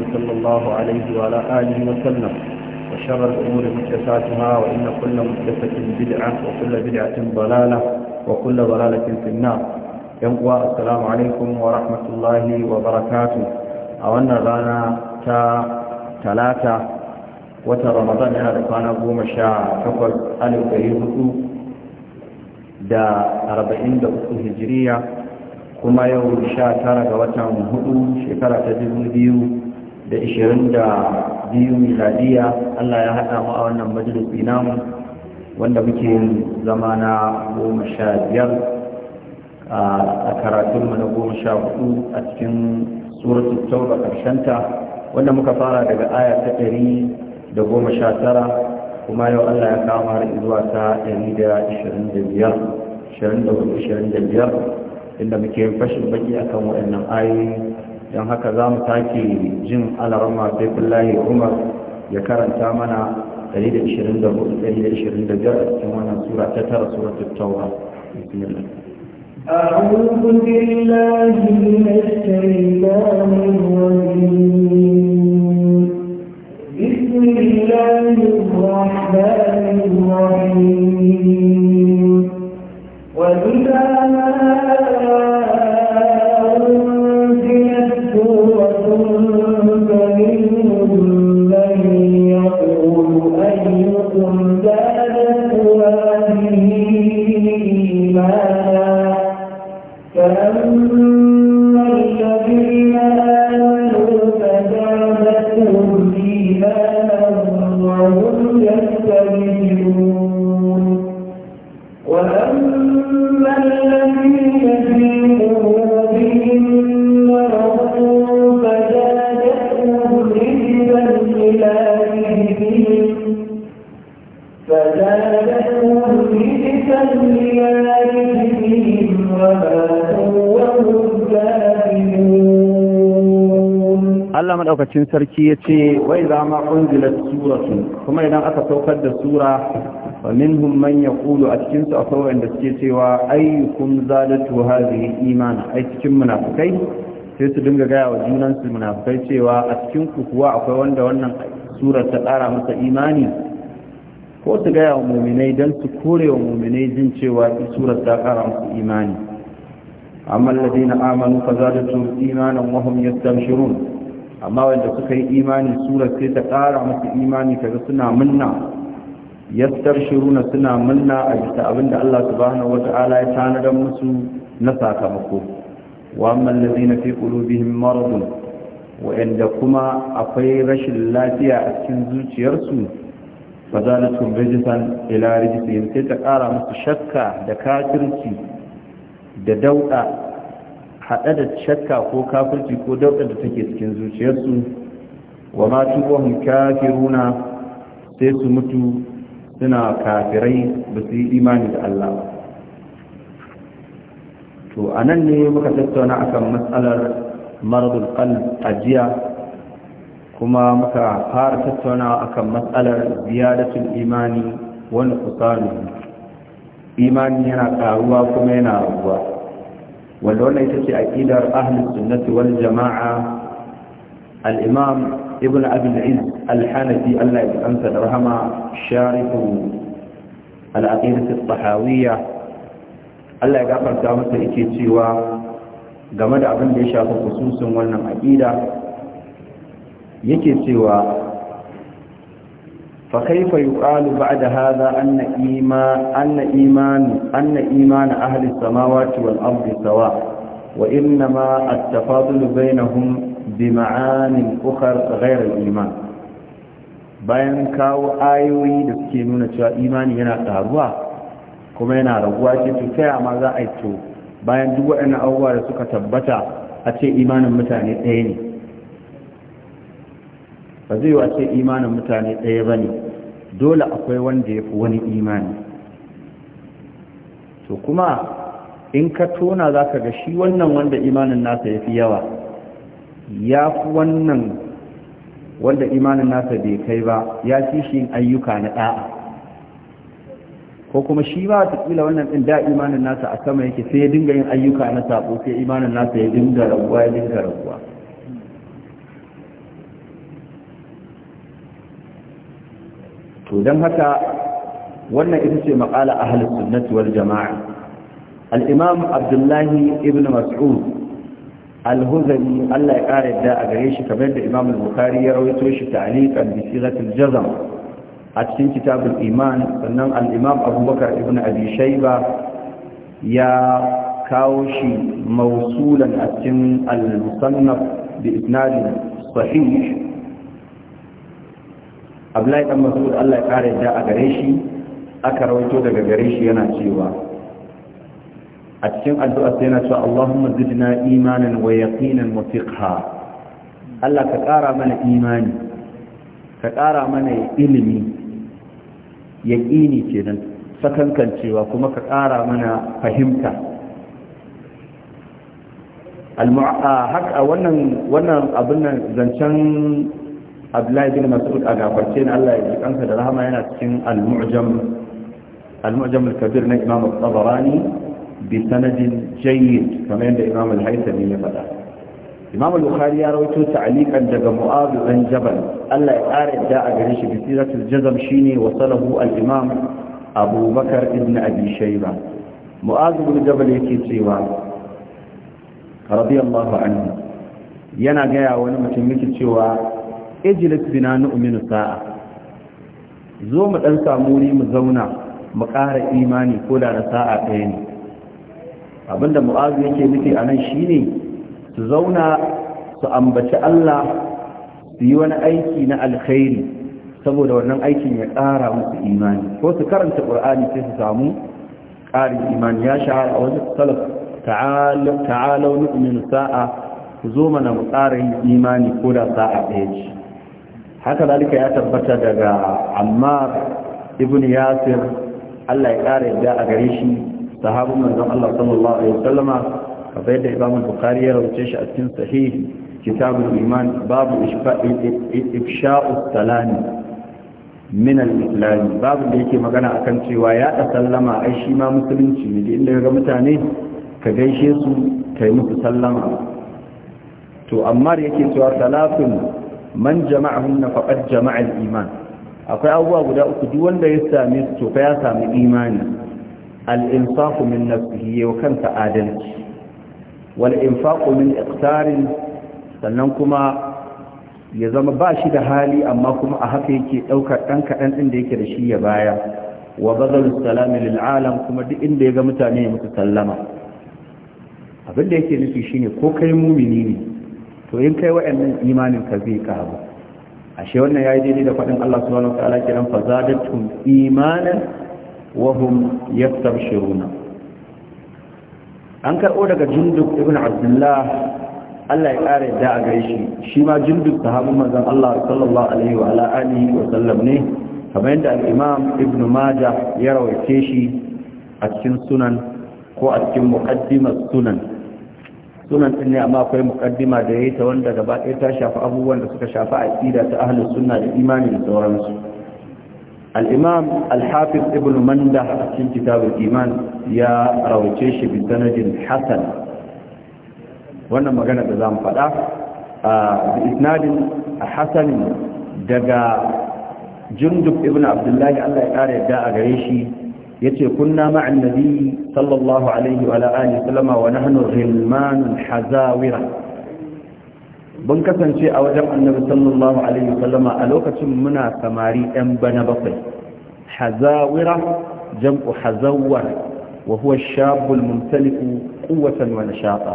صلى الله عليه وعلى آله وسلم وشر الأمور محدثاتها وإن كل محدثة بدعة وكل بدعة ضلالة وكل ضلالة في النار ينقوى السلام عليكم ورحمة الله وبركاته أولنا غانا تا ثلاثة watan ramadan yana da kwana goma sha takwas alif ɗari hudu da arba'in da uku hijiriya kuma yau sha tara ga watan hudu shekara ta dubu biyu da 22 miladiya Allah ya haɗa mu a wannan majalisi namu wanda muke zama na goma sha biyar a karatunmu na goma sha hudu a cikin suratul tauba ta, wanda muka fara daga aya ta ɗari da goma sha tara kuma yau Allah ya kama har zuwa ta ɗari da ishirin da biyar ishirin da hudu ishirin da biyar inda muke fashin baki akan waɗannan ayoyi don haka za mu sake jin alarma sai kullahi umar ya karanta mana 124-125 a cikin wannan sura ta tara suratul tauba أعوذ بالله من الشيطان الرجيم بسم الله الرحمن الرحيم cikin sarki ya ce wai za ma ƙungilar suratun kuma idan aka saukar da sura wa minhum man ya ƙulu a cikinsu a kawai da suke cewa zalatu zadatu yi imana ai cikin munafukai sai su dinga gaya wa junansu munafukai cewa a cikin kuwa akwai wanda wannan surar ta ƙara masa imani ko su gaya wa muminai don su kore wa muminai jin cewa surar ta ƙara masa imani amma alladhina amanu fazadatuhum imanan wa hum yastabshirun amma wanda suka yi imani sura sai ta ƙara musu imani kaga suna munna na suna munna a bisa abinda Allah subhanahu wata'ala ya tanadar musu na sakamako wa amman ladina fi qulubihim wa inda kuma akwai rashin lafiya a cikin zuciyarsu fazalatum rijisan ila rijisin sai ta ƙara musu shakka da kafirci da dauɗa haɗe da shakka ko kafirci ko dauɗa da take cikin zuciyarsu wa ma tubuhum kafiruna sai su mutu suna kafirai ba su yi imani da Allah to a nan ne muka tattauna akan matsalar maradul ajiya kuma muka fara tattauna akan matsalar ziyadatul imani wani kusanu imani yana karuwa kuma yana ruwa. wanda wannan ita ce aƙidar ahlus sunnati wal jama'a al-imam ibnu abi al-iz al-hanafi Allah ya tsansa da rahama sharifu al-aqidah al-tahawiyya Allah ya gafarta masa yake cewa game da abin da ya shafi kususun wannan aqida yake cewa فكيف يقال بعد هذا أن إيمان, أن إيمان, أن إيمان أهل السماوات والأرض سواء وإنما التفاضل بينهم بمعان أخر غير الإيمان bayan kawo ayoyi da suke nuna cewa imani yana ƙaruwa kuma yana raguwa ce to ta za a yi to bayan duk waɗannan abubuwa da suka tabbata a ce imanin mutane ɗaya ne ba zai wa ce imanin mutane ɗaya ba ne dole akwai wanda ya fi wani imani to kuma in ka tona za ka ga shi wannan wanda imanin nasa ya fi yawa ya fi wannan wanda imanin nasa bai kai ba ya fi shi ayyuka na ɗa'a ko kuma shi ba ta ƙila wannan ɗin da imanin nasa a sama yake sai ya dinga yin ayyuka na sabo sai imanin nasa ya dinga raguwa ya dinga raguwa to don haka wannan ita ce maƙala ahalus sunnati wal jama'a alimam abdullahi ibn mas'ud al Allah ya ƙara yadda a gare shi kamar da imam al-bukhari ya rawaito shi ta'liqan bi siratul jazm a cikin kitabul iman sannan al-imam abubakar ibn abi shaiba ya kawo shi mausulan a cikin al-musannaf bi isnadin sahih abdullahi dan mas'ud Allah ya kare da a gare shi aka rawaito daga gare shi yana cewa a cikin addu'a sai yana cewa Allahumma zidna imanan wa yaqinan wa fiqha Allah ka kara mana imani ka kara mana ilimi yaqini kenan sakankancewa kuma ka kara mana fahimta haka wannan wannan abin nan zancen abdullahi bin mas'ud a gafarce na Allah ya ji kansa da rahama yana cikin al-mu'jam al-mu'jam al-kabir na imam al-tabarani bi sanadin jayyid kamar yadda imam al-haythami ya faɗa imam al-bukhari ya rawaito ta'liqan daga mu'az bin jabal Allah ya ƙara da a gare shi bi siratul jazm shine wasalahu al-imam abu bakar ibn abi shayba mu'az bin jabal yake cewa radiyallahu anhu yana gaya wani mutum yake cewa ejilis bina nu'minu sa'a zo mu dan samu wuri mu zauna mu ƙara imani ko da na sa'a ɗaya ne abinda mu'azu yake nufi a nan shine su zauna su ambaci Allah su yi wani aiki na alkhairi saboda wannan aikin ya ƙara musu imani ko su karanta ƙur'ani sai su samu ƙarin imani ya shahara a wajen salaf ta'alau nu'minu sa'a ku zo mana mu ƙara yin imani ko da sa'a ɗaya ce haka zalika ya tabbata daga ammar ibn yasir Allah ya ƙara yadda a gare shi sahabin manzon Allah sallallahu alaihi wasallama kamar yadda Imam Bukhari ya rubuce shi a cikin sahih kitabul iman babu ifsha'u salami min al-islam babu da yake magana akan cewa ya da sallama ai shi ma musulunci ne inda ga mutane ka gaishe su kai musu sallama to amma yake cewa salatun man jama'ahunna na jama'a al-iman akwai abubuwa guda uku duk wanda ya same su to fa ya sami imani al-insaf min nafsihi wa kanta adalci wal infaq min iqtarin sannan kuma ya zama ba shi da hali amma kuma a haka yake daukar dan kadan din da yake da shi ya baya wa bazal salami lil alam kuma duk inda ya ga mutane ya mutu sallama abin da yake nufi shine ko kai mumini ne to in kai wa'annan imanin ka zai karu ashe wannan yayi daidai da faɗin Allah subhanahu wa ta'ala kiran zadatum imanan wa hum yastabshiruna an karɓo daga jundub ibn abdullah Allah ya ƙara da a gare shi shi ma jundub sahabin manzon Allah sallallahu alaihi wa ala alihi wa sallam ne kamar yadda al-imam ibn majah ya rawaice shi a cikin sunan ko a cikin muqaddimat sunan sunan din ne amma akwai mukaddima da ya yi ta wanda gaba ɗaya ta shafi abubuwan da suka shafi aqida ta ahlus sunna da imani da sauransu al-imam al-hafiz ibn mandah a cikin kitabul iman ya rawace shi bi sanadin Hassan. wannan magana da zamu faɗa a bi isnadin hasan daga jundub ibn abdullahi Allah ya kare yadda a gare shi yace kunna ma nabi sallallahu alaihi wa alihi sallama wa nahnu ghilmanun hazawira bun kasance a wajen annabi sallallahu alaihi sallama a lokacin muna samari yan bana bakwai hazawira jam'u hazawar wa huwa shabul mumtaliku quwwatan wa nashaqa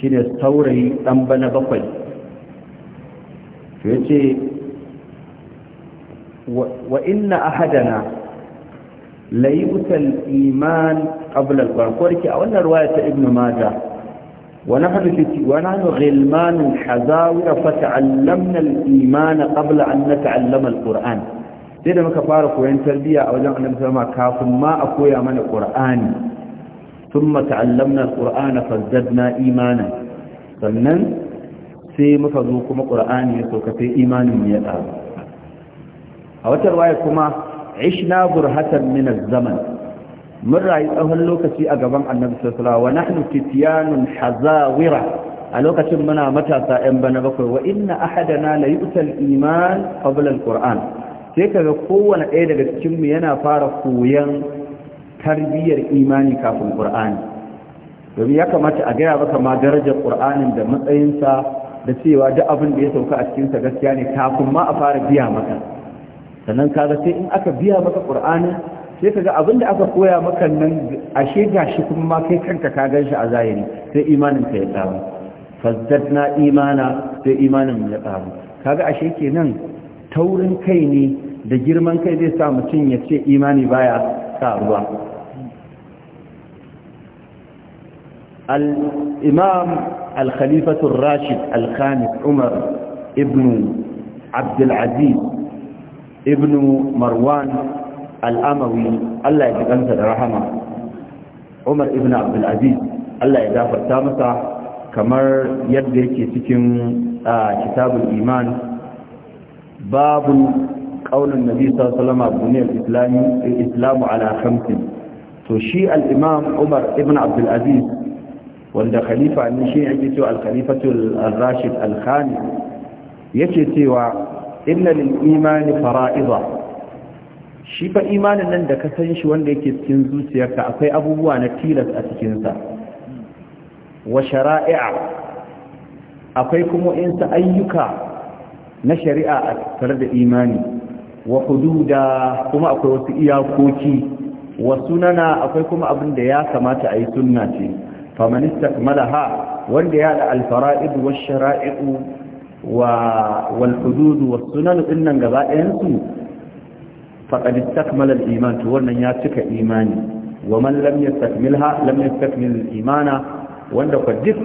shine saurayi ɗan bana bakwai yace wa inna ahadana layutal iman qabla al a wannan riwaya ta ibnu majah wa nahnu fi wa nahnu ghilman hazawira fata ta'allamna al-iman qabla an nata'allama quran sai da muka fara koyon tarbiyya a wajen annabi sallallahu kafin ma a koya mana qur'ani thumma ta'allamna al-qur'ana fazdadna imana sannan sai muka zo kuma qur'ani ya sauka sai imanin ya tsara a wata riwaya kuma ishna burhatan min zaman mun rayu tsawon lokaci a gaban annabi sallallahu wa nahnu fityanun hazawira a lokacin muna matasa yan bana bakwai wa inna ahadana la yu'tal iman qabla al sai kaga kowanne ɗaya daga cikin mu yana fara koyan tarbiyyar imani kafin qur'ani domin ya kamata a gaya maka ma darajar qur'anin da matsayinsa da cewa duk abin da ya sauka a cikinsa gaskiya ne kafin ma a fara biya maka sannan kaga sai in aka biya maka qur'ani sai kaga abinda aka koya maka nan ashe gashi kuma ma kai kanka ka ganshi a zahiri sai imanin ka ya tsaro na imana sai imanin ya tsaro kaga ashe kenan taurin kai ne da girman kai zai sa mutum ya ce imani baya karuwa الإمام الخليفة الراشد الخامس عمر ابن عبد العزيز ibn marwan al'amawi Allah ya ji da rahama Umar ibn Abdulaziz Allah ya gafarta masa kamar yadda yake cikin kitabun iman babu qaulin nabi sallallahu alaihi islamu ala to shi al Umar ibn Abdulaziz wanda khalifa ne shi yake cewa al-khalifatul rashid al-khani yake cewa inna lil imani fara'iza shi fa imanin nan da ka san shi wanda yake cikin zuciyarka akwai abubuwa na tilas a cikin sa wa shara'i'a akwai kuma in sa ayyuka na shari'a a tare da imani wa hududa kuma akwai wasu iyakoki wa sunana akwai kuma abin da ya kamata a yi sunna ce faman istakmalaha wanda ya da alfara'id wa shara'i'u Wawal fududu wasu sunan sunan gaba ɗayan su, faɗaɗi takmalar iman, to wannan ya cika imani. Waman lamnyat tak mil ha, lamnyat tak imana, wanda kwa duk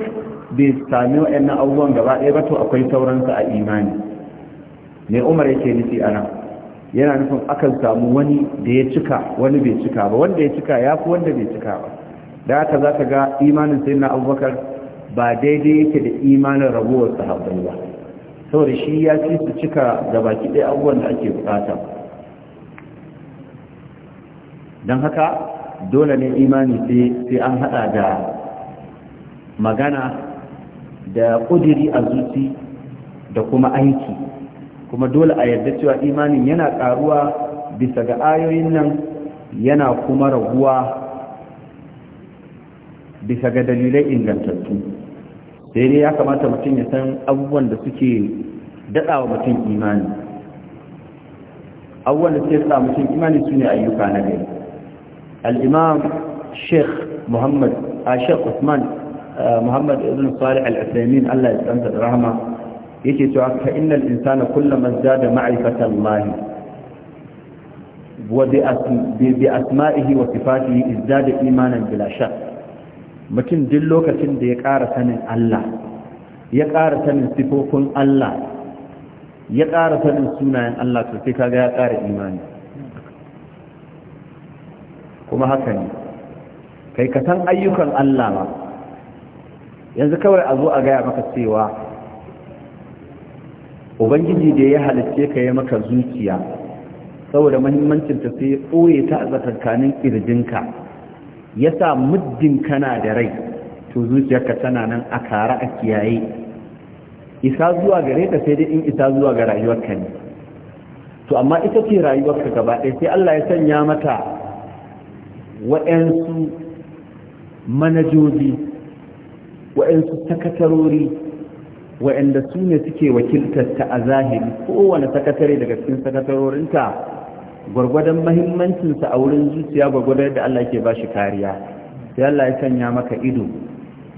bai sami wa 'yan gaba ɗaya ba, to akwai sauransu a imani. Me Umar yake nufi a Yana nufin a kan samu wani da ya cika, wani bai cika ba, wanda ya cika ya fi wanda bai cika ba. Da haka za ga imanin sunan na'uwa kar, ba daidai yake da imanin rabo wasu ba. saboda shi ya ce su cika da baki ɗaya abubuwan da ake bukata don haka dole ne imani sai an hada da magana da ƙudiri a zuci da kuma aiki kuma dole a yarda cewa imanin yana ƙaruwa bisa ga ayoyin nan yana kuma raguwa bisa ga dalilai ingantattu sai dai ya kamata mutum ya san abubuwan da suke daɗawa mutum imani abubuwan da suke daɗa mutum imani su ne ayyuka na gari al'imam sheikh muhammad a sheikh usman muhammad ibn salih allah ya tsanta da rahama yake cewa ka innal insana kullum zada ma'aikatan lahi wa bi asma'ihi wa sifatihi isdada imanin bila shakk mutum duk lokacin da ya ƙara sanin Allah ya ƙara sanin sifofin Allah ya ƙara sanin sunayen Allah to sai kaga ya ƙara imani kuma haka ne kai ka san ayyukan Allah ba yanzu kawai a zo a gaya maka cewa ubangiji da ya halicce ka ya maka zuciya saboda mahimmancinta sai ya ɓoye ta a tsakankanin ƙirjinka Ya sa muddin kana da rai to zuciyarka tana nan a kara a kiyaye isa zuwa gare ta sai dai in isa zuwa ga rayuwarka ne to amma ita ce rayuwarka gaba ɗaya sai Allah ya sanya mata waɗansu manajoji waɗansu sakatarori waɗanda su ne suke wakiltar ta a zahiri kowane sakatare daga cikin sakatarorinta gwargwadon mahimmancinsa a wurin zuciya gwargwadon da Allah ke ba shi kariya sai Allah ya sanya maka ido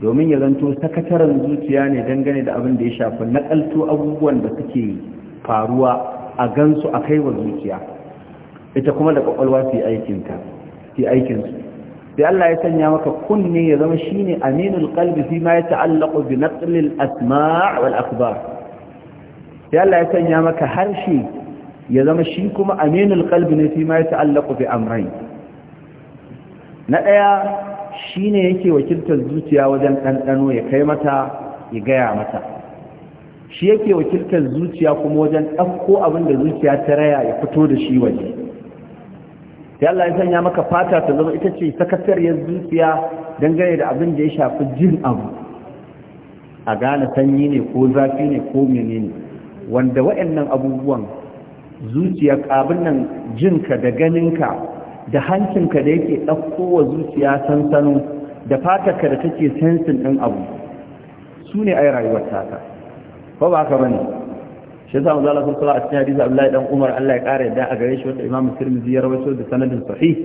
domin ya zanto sakataren zuciya ne dangane da abin da ya shafi nakalto abubuwan da suke faruwa a gansu a kai wa zuciya ita kuma da ƙwaƙwalwa su yi aikinta su aikinsu sai Allah ya sanya maka kunne ya zama shine aminul kalbi fi ma yata'allaqu bi naqlil asma' wal akhbar sai ya sanya maka harshe ya zama shi kuma aminul qalbi ne fi ma yata'allaqu bi amrayn na daya shine yake wakiltar zuciya wajen dandano ya kai mata ya gaya mata shi yake wakiltar zuciya kuma wajen dauko abin da zuciya ta raya ya fito da shi waje sai Allah ya sanya maka fata ta zama ita ce sakatariyar zuciya dangane da abin da ya shafi jin abu a gane sanyi ne ko zafi ne ko menene wanda waɗannan abubuwan zuciya abin nan jinka da ganinka da hancinka da yake ɗaukowa zuciya sansano da fatarka da take sensin ɗin abu su ne yi rayuwar ka ba ba ka bane shi yasa manzo Allah sallallahu alaihi wasallam a Abdullahi dan Umar Allah ya kare da a gare shi wanda Imam Tirmidhi ya rawaito da sanadin sahih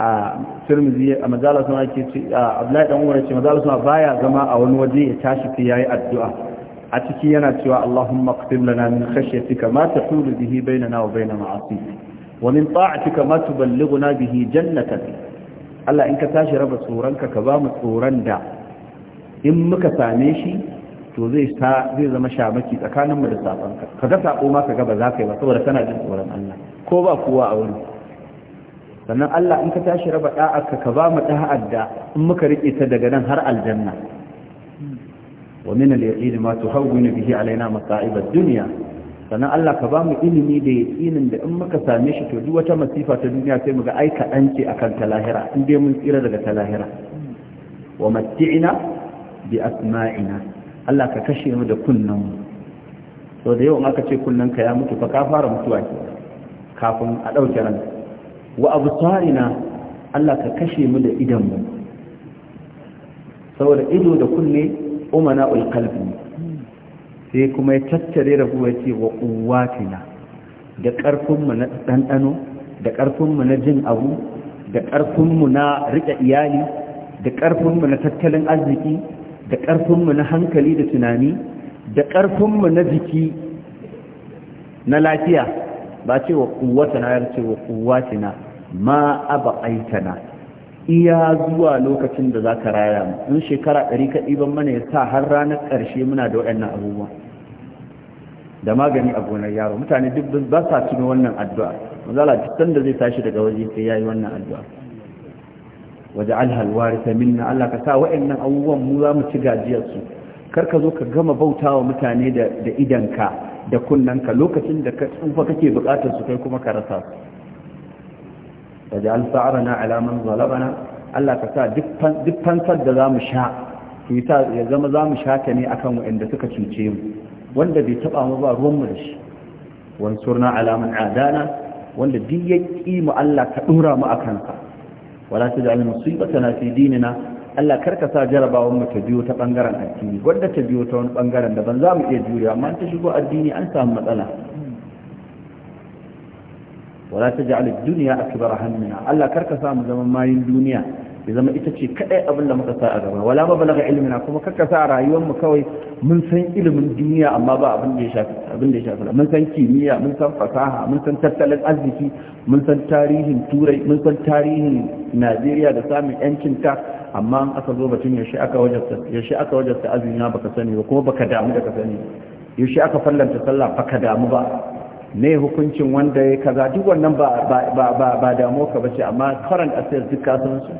a Tirmidhi a manzo Allah sallallahu Abdullahi dan Umar ya ce manzo Allah baya zama a wani waje ya tashi sai yayi addu'a a ciki yana cewa Allahumma qtim lana min khashyatika ma tahulu bihi bainana wa bain ma'asik wa min ta'atika ma tuballighuna bihi jannatak Allah in ka tashi raba tsoranka ka ba mu tsoran da in muka same shi to zai ta zai zama shamaki tsakanin mu da sabanka ka ga sako ma ka ga ba za ka yi ba saboda kana jin tsoron Allah ko ba kowa a wurin sannan Allah in ka tashi raba da'a ka ba mu da'ar da in muka rike ta daga nan har aljanna wa min al-yaqini ma tuhawwinu bihi alaina masa'ib ad-dunya sannan Allah ka ba mu ilimi da ya yaqinin da in muka same shi to duk wata masifa ta duniya sai mu ga ai kaɗan ce akan talahira. in dai mun tsira daga talahira. lahira wa matti'ina bi asma'ina Allah ka kashe mu da kunnan mu so da yau in aka ce kunnan ka ya mutu fa ka fara mutuwa ke kafin a ɗauke ran wa absarina Allah ka kashe mu da idan mu saboda ido da kunne umana ulkalbi sai kuma ya tattare raguwa ya ce wa ƙuwatina da ƙarfinmu na ɗanɗano da ƙarfinmu na jin abu da ƙarfinmu na riƙe iyali da ƙarfinmu na tattalin arziki da ƙarfinmu na hankali da tunani da ƙarfinmu na jiki na lafiya ba ce wa ƙuwatina ya ce wa uwatina ma aba aitana iya zuwa lokacin da za ka raya mu in shekara ɗari kaɗi ban mana ya sa har ranar ƙarshe muna da waɗannan abubuwa da magani a gonar yaro mutane duk ba sa tuno wannan addu'a mazala duk sanda zai tashi daga waje sai yayi wannan addu'a waje alhalwari ta minna Allah ka sa waɗannan abubuwan mu za mu ci gajiyar su kar ka zo ka gama bautawa mutane da idanka da kunnanka lokacin da ka tsufa kake buƙatar su kai kuma ka rasa su waj'al sa'rana ala man zalamana Allah ka sa duk fansar da mu sha ki ta ya zama zamu sha ta ne akan wanda suka cuce mu wanda bai taba mu ba ruwan mu da shi wansurna ala man adana wanda duk ya mu Allah ka ɗora mu akan sa wala taj'al musibatana fi dinina Allah karka sa jarabawar mu ta biyo ta bangaren addini wanda ta biyo ta wani bangaren daban zamu iya jure amma ta shigo addini an samu matsala wala taj'al duniya dunya akbar hammina Allah karka sa mu zama mayin duniya ya zama ita ce kadai abin da muka sa a gaba wala ma balaga ilmina kuma karka sa rayuwar mu kawai mun san ilimin duniya amma ba abin da ya shafi abin da ya shafi mun san kimiyya mun san fasaha mun san tattalin arziki mun san tarihin turai mun san tarihin Najeriya da samun yancin ta amma an aka zo batun yaushe aka wajabta yaushe aka wajabta azumi baka sani ba kuma baka damu da ka sani yaushe aka fallanta sallah baka damu ba ne hukuncin wanda ya kaza duk wannan ba damuwa ka bace amma current affairs duk kasansu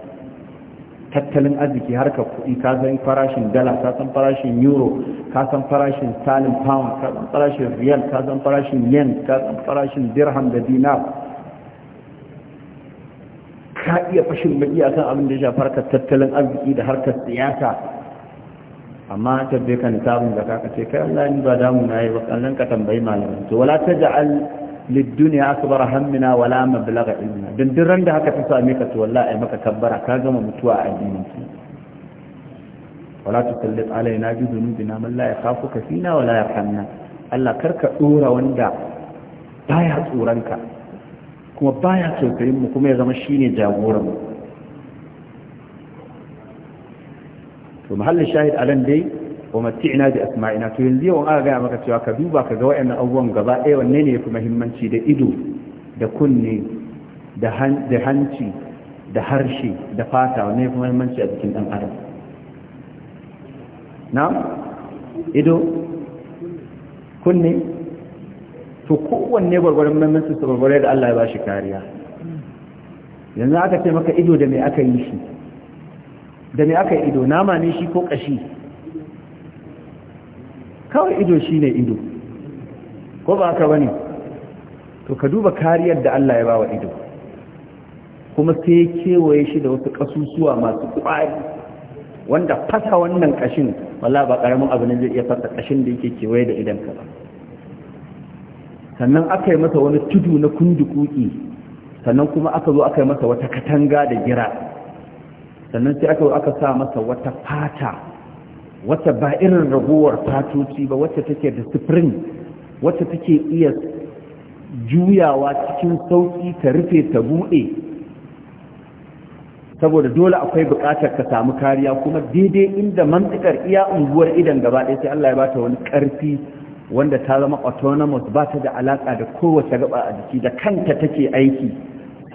tattalin arziki harka kuɗi ka san farashin dala ka san farashin euro ka san farashin sterling pound ka san farashin riyal ka san farashin yen ka san farashin dirham da dinar ka iya fashin mai iya kan abin da ya shafi harkar tattalin arziki da harkar siyasa amma tabbe ka nisabun da ka ce kai Allah ni ba damu na yi ba sannan ka tambayi malamin to wala taj'al lid-dunya akbar hammina wala mablagha ilmina dan duk randa haka ta same ka to wallahi maka kabbara ka gama mutuwa a addinin ki wala tusallit alaina bi dhunubina man la yakhafuka fina wala yarhamna Allah karka dora wanda baya tsoronka kuma baya tausayin mu kuma ya zama shine jagoran mu to mahallin shahid alan dai wa matti'na bi asma'ina to yanzu yau aka gaya maka cewa ka duba ka ga wayannan abubuwan gaba ɗaya wanne ne yafi muhimmanci da ido da kunne da hanci da harshe da fata wanne yafi muhimmanci a jikin ɗan adam na ido kunne to kowanne gwargwaron muhimmanci su gwargwarai da Allah ya ba shi kariya yanzu aka ce maka ido da me aka yi shi da me aka ido nama ne shi ko kashi kawai ido shi ne ido ko ba aka wani to ka duba kariyar da Allah ya bawa ido kuma sai ya kewaye shi da wasu kasusuwa masu kwari wanda fasa wannan ƙashin, wala ba karamin abu ne zai iya fasa kashin da yake kewaye da idan ka ba sannan aka yi masa wani tudu na kundukuki sannan kuma aka zo aka yi masa wata katanga da gira sannan sai aka aka sa masa wata fata wata ba irin ragowar fatoci ba wacce take da spring wacce take iya juyawa cikin sauki ta rufe ta buɗe saboda dole akwai buƙatar ka samu kariya kuma daidai inda mantikar iya unguwar idan gaba ɗaya sai Allah ya bata wani ƙarfi wanda ta zama autonomous ba ta da alaƙa da kowace gaba a jiki da kanta take aiki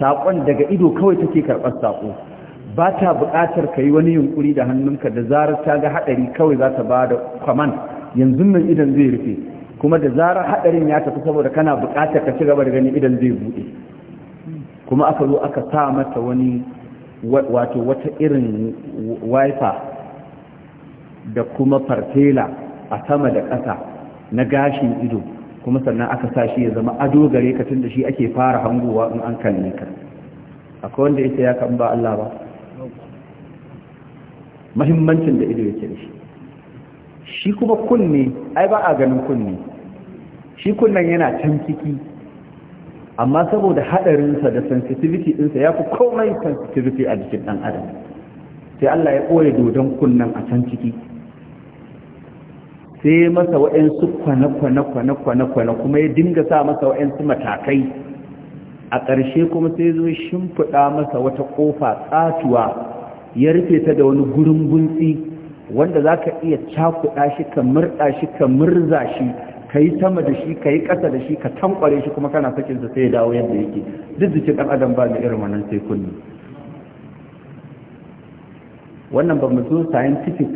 saƙon daga ido kawai take karɓar saƙo ba ta buƙatar ka yi wani yunkuri da hannunka da zarar ta ga haɗari kawai za ta ba da kwaman yanzu nan idan zai rufe kuma da zarar haɗarin ya tafi saboda kana buƙatar ka ci gaba da gani idan zai buɗe kuma aka zo aka sa mata wani wato wata irin wifa da kuma fartela a sama da ƙasa na gashin ido kuma sannan aka sa shi ya zama ado gare ka tun da shi ake fara hangowa in an kalle ka akwai wanda ya ya kan ba Allah ba mahimmancin da ido yake da shi shi kuma kunne ai ba a ganin kunne shi kunnen yana can ciki amma saboda hadarinsa da sensitivity ɗinsa ya fi komai sensitivity a jikin ɗan adam sai Allah ya ɓoye dodon kunnen a can ciki sai masa wa'yansu kwane-kwane-kwane-kwane kuma ya dinga sa masa wa'yansu matakai a ƙarshe kuma sai zo shimfiɗa masa wata ƙofa tsatuwa ya rufe ta da wani gurin guntsi wanda za ka iya cakuɗa shi ka murɗa shi ka murza shi ka yi sama da shi ka yi ƙasa da shi ka tankware shi kuma kana sa sai ya dawo yadda yake duk jikin ɗan adam ba da irin wannan sai kunni wannan ba mu zo scientific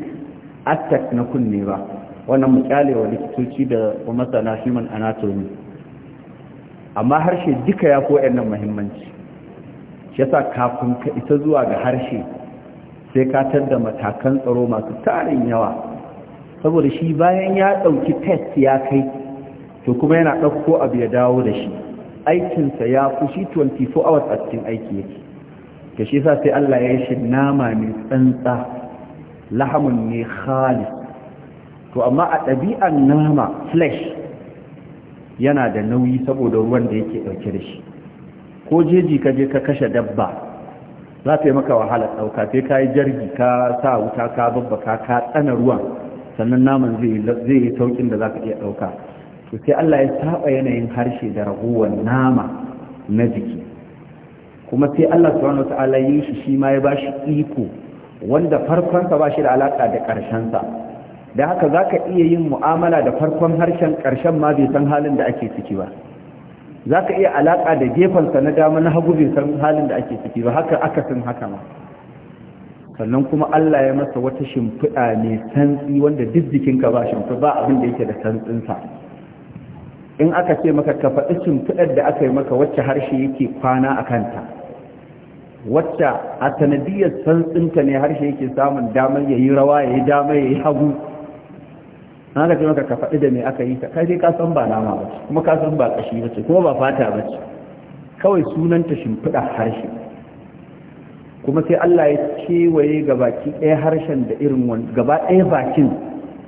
aspect na kunne ba wannan mu kyale wa likitoci da masana human anatomy amma harshe duka ya fi nan muhimmanci shi yasa kafin ka isa zuwa ga harshe sai ka da matakan tsaro masu tarin yawa saboda shi bayan ya ɗauki test ya kai to kuma yana ɗauko abu ya dawo da shi aikinsa ya fushi 24 hours a cikin aiki yake ta shi sa sai Allah ya yi shi nama mai tsantsa lahamun ne khalis to amma a ɗabi'an nama flesh yana da nauyi saboda ruwan da yake ɗauke da shi ko jeji ka je ka kashe dabba za ta yi maka wahala ɗauka sai ka yi jirgi ka sa wuta ka babba, ka tsana ruwan sannan naman zai yi saukin da za ka iya ɗauka to sai Allah ya saba yanayin harshe da ragowar nama na jiki kuma sai Allah wani ta'ala yi shi shi ma ya ba shi iko wanda farkonsa ba shi da alaƙa da ƙarshensa da haka za ka iya yin mu'amala da farkon harshen ƙarshen ma bai san halin da ake ciki ba za ka iya alaƙa da gefensa na dama na hagu bai san halin da ake ciki ba haka san haka ma sannan kuma Allah ya masa wata shimfiɗa mai santsi wanda duk jikinka ba shimfi ba abin da yake da santsinsa in aka ce maka ka faɗi shimfiɗar da aka yi maka wacce harshe yake kwana a kanta wacce a sanadiyar santsinta ne harshe yake samun damar ya yi rawa ya yi dama ya yi hagu na ga maka ka faɗi da me aka yi ta kai dai ka san ba nama ba kuma ka san ba kashi ba ce kuma ba fata ba ce kawai sunanta shimfiɗa harshe kuma sai Allah ya kewaye gabaki ɗaya harshen da irin wani gaba ɗaya bakin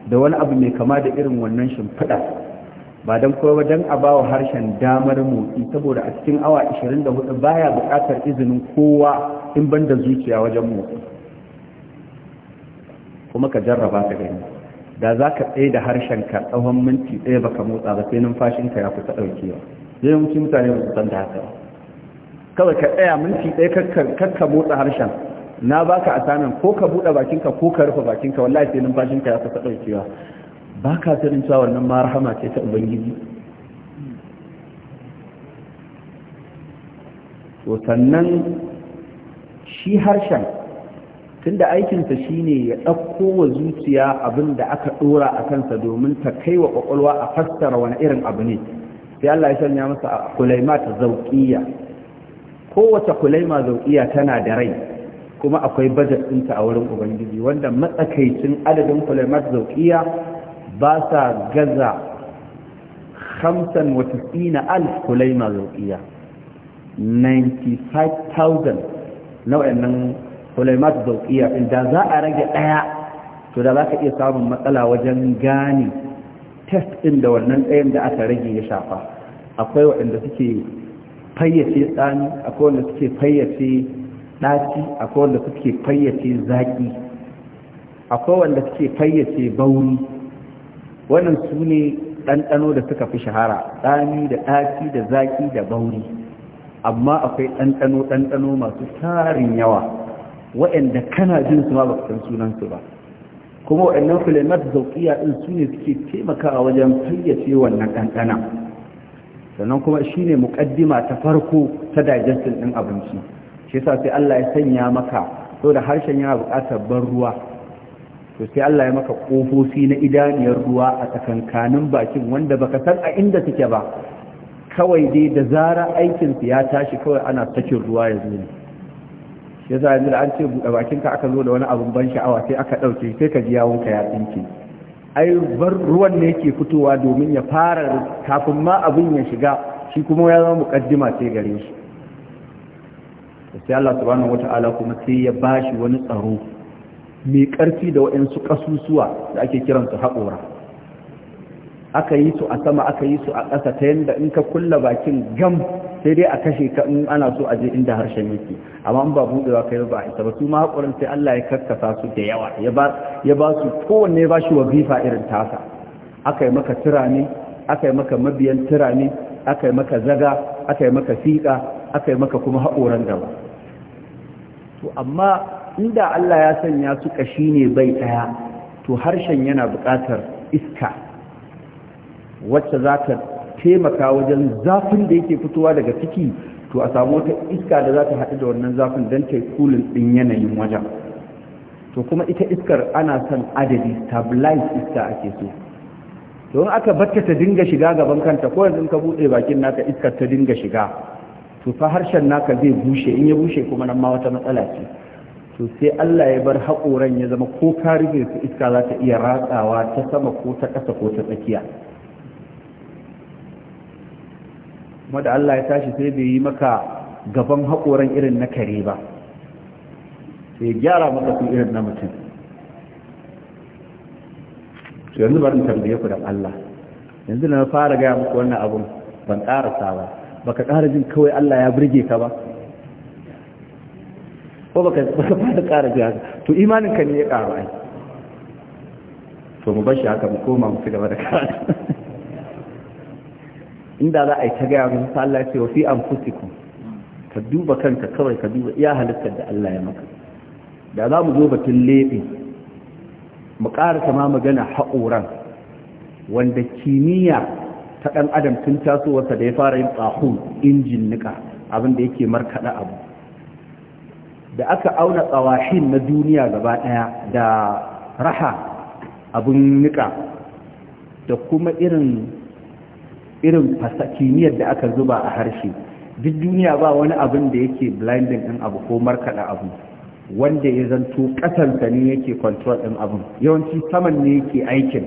da wani abu mai kama da irin wannan shimfiɗa ba don kowa don a bawa harshen damar motsi saboda a cikin awa 24 baya buƙatar izinin kowa in banda zuciya wajen motsi kuma ka jarraba ka gani da za ka tsaye da harshen ka tsawon minti ɗaya baka motsa ba sai numfashinka ya kusa ɗaukewa zai mutu mutane ba su san da haka kawai ka tsaya minti ɗaya kakka motsa harshen na baka asamin ko ka buɗe bakinka ko ka rufe bakinka wallahi sai numfashinka ya kusa ɗaukewa ba ka sanin cewa wannan ma rahama ce ta ubangiji to sannan shi harshen tunda aikinsa shine ya ɗauko wa zuciya abin da aka ɗora a kansa domin ta kai wa ƙwaƙwalwa a fassara wani irin abu ne sai Allah ya sanya masa a kulaima ta zauƙiya kowace kulaima zauƙiya tana da rai kuma akwai bajet ɗinta a wurin ubangiji wanda matsakaicin adadin ta zauƙiya ba sa gaza hamsan wa tisina alif kulaima zauƙiya 95,000 na nan. ulaimat zauƙiya inda za a rage ɗaya, to da za ka iya samun matsala wajen gane test ɗin da wannan ɗayan da aka rage ya shafa akwai waɗanda suke fayyace tsani akwai wanda suke fayyace ɗaci akwai wanda suke fayyace zaƙi akwai wanda suke fayyace bauri wannan su ne ɗanɗano da suka fi shahara tsani da ɗaci da zaƙi da bauri amma akwai ɗanɗano ɗanɗano masu tarin yawa waɗanda kana jin su ma ba san sunansu ba kuma waɗannan kulemat zauƙiya din su ne suke taimakawa wajen fayyace wannan ɗanɗana sannan kuma shine muƙaddima ta farko ta digestion ɗin abinci shi yasa sai Allah ya sanya maka da harshen yana buƙatar ban ruwa to sai Allah ya maka ƙofofi na idaniyar ruwa a tsakankanin bakin wanda baka san a inda suke ba kawai dai da zara aikin ya tashi kawai ana sakin ruwa ya zo ne ya za da an ce buɗe bakinka aka zo da wani abin ban sha'awa sai aka ɗauke sai ka ji yawonka ya tsinke ai ruwan ne yake fitowa domin ya fara kafin ma abin ya shiga shi kuma ya zama muƙaddima sai gare shi sai Allah subhanahu wata'ala kuma sai ya bashi wani tsaro mai ƙarfi da waɗansu ƙasusuwa da ake kiransu haƙora aka yi su a sama aka yi su a ƙasa ta yadda in ka kulla bakin gam sai dai a kashe ka in ana so a je inda harshen yake amma ba buɗewa kai ba ita ba su ma hakurin sai Allah ya karkasa su da yawa ya ba su kowanne ya ba shi wazifa irin tasa aka yi maka turani aka maka mabiyan turani aka maka zaga aka yi maka fiƙa aka maka kuma haƙoran gaba to amma inda Allah ya sanya su kashi ne bai ɗaya to harshen yana buƙatar iska wacce za ta taimaka wajen zafin da yake fitowa daga ciki to a samu wata iska da za ta haɗu da wannan zafin don ta yi kulun ɗin yanayin wajen to kuma ita iskar ana son adadi stabilize iska ake so to in aka batta ta dinga shiga gaban kanta ko yanzu ka buɗe bakin naka iskar ta dinga shiga to fa harshen naka zai bushe in ya bushe kuma nan ma wata matsala ce to sai Allah ya bar haƙoran ya zama ko ka rufe su iska za ta iya ratsawa ta sama ko ta ƙasa ko ta tsakiya kuma da Allah ya tashi sai bai yi maka gaban haƙoran irin na kare ba sai gyara maka su irin na mutum su yanzu barin tambaye ku da Allah yanzu na fara gaya muku wannan abun ban ƙarasa ba baka ƙara jin kawai Allah ya burge ka ba ko baka baka fara ƙara jiya ka, to imanin ka ne ya ƙaru ai to mu bar shi haka mu koma mu ci gaba da karatu inda za a yi ta gaya mun Allah ya ce wa fi anfusikum ka duba kanka kawai ka duba iya halittar da Allah ya maka da za mu zo batun lebe mu ƙara ma magana haƙoran wanda kimiyya ta ɗan adam tun tasowarsa da ya fara yin tsahun injin nika abin da yake markaɗa abu da aka auna tsawashin na duniya gaba ɗaya da raha abin nika da kuma irin irin fasakiniyar da aka zuba a harshe duk duniya ba wani abin da yake blinding ɗin abu ko markaɗa abu wanda ya zanto ƙasarsa ne yake control ɗin abin yawanci saman ne yake aikin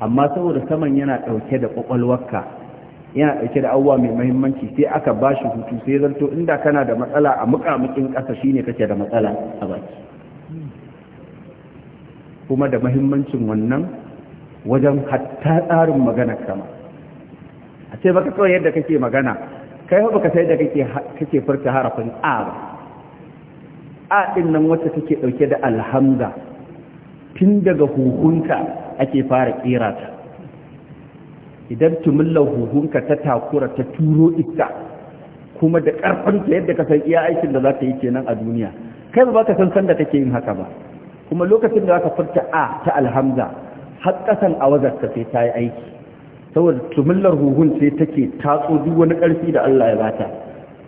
amma saboda saman yana ɗauke da ƙwaƙwalwarka yana ɗauke da abubuwa mai mahimmanci sai aka ba shi hutu sai zanto inda kana da matsala a muƙamuƙin ƙasa shine kake da matsala a baki kuma da mahimmancin wannan wajen hatta tsarin maganar kama. a ce baka kawai yadda kake magana kai ba ka sai da kake kake furta harafin a ba a din nan wacce take ɗauke da alhamza tun daga huhunka ake fara kira ta idan tumillar huhunka ta takura ta turo iska kuma da karfin ta yadda ka san iya aikin da za ta yi kenan a duniya kai ba ka san san da take yin haka ba kuma lokacin da za ka furta a ta alhamza har kasan a ta sai ta yi aiki saboda tumullar huhun sai take tatso duk wani ƙarfi da Allah ya bata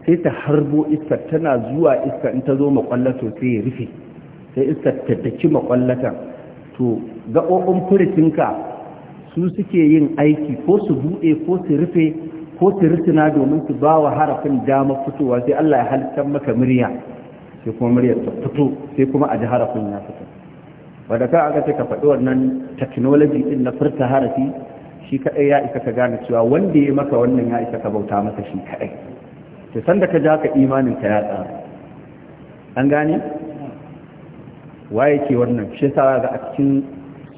sai ta harbo iskar tana zuwa iska in ta zo makwallato sai ya rufe sai iskar ta daki makwallatan to gaɓoɓin furitinka su suke yin aiki ko su buɗe ko su rufe ko su rusuna domin su ba wa harafin dama fitowa sai Allah ya halittar maka murya sai kuma muryar ta fito sai kuma a ji harafin ya fito wadda ka aka ce ka faɗi wannan technology ɗin na furta harafi shi kaɗai ya isa ka gane cewa wanda ya maka wannan ya isa ka bauta masa shi kaɗai, to sanda ka ja ka imanin ka ya tsara an gane waye ke wannan shi sa ga a cikin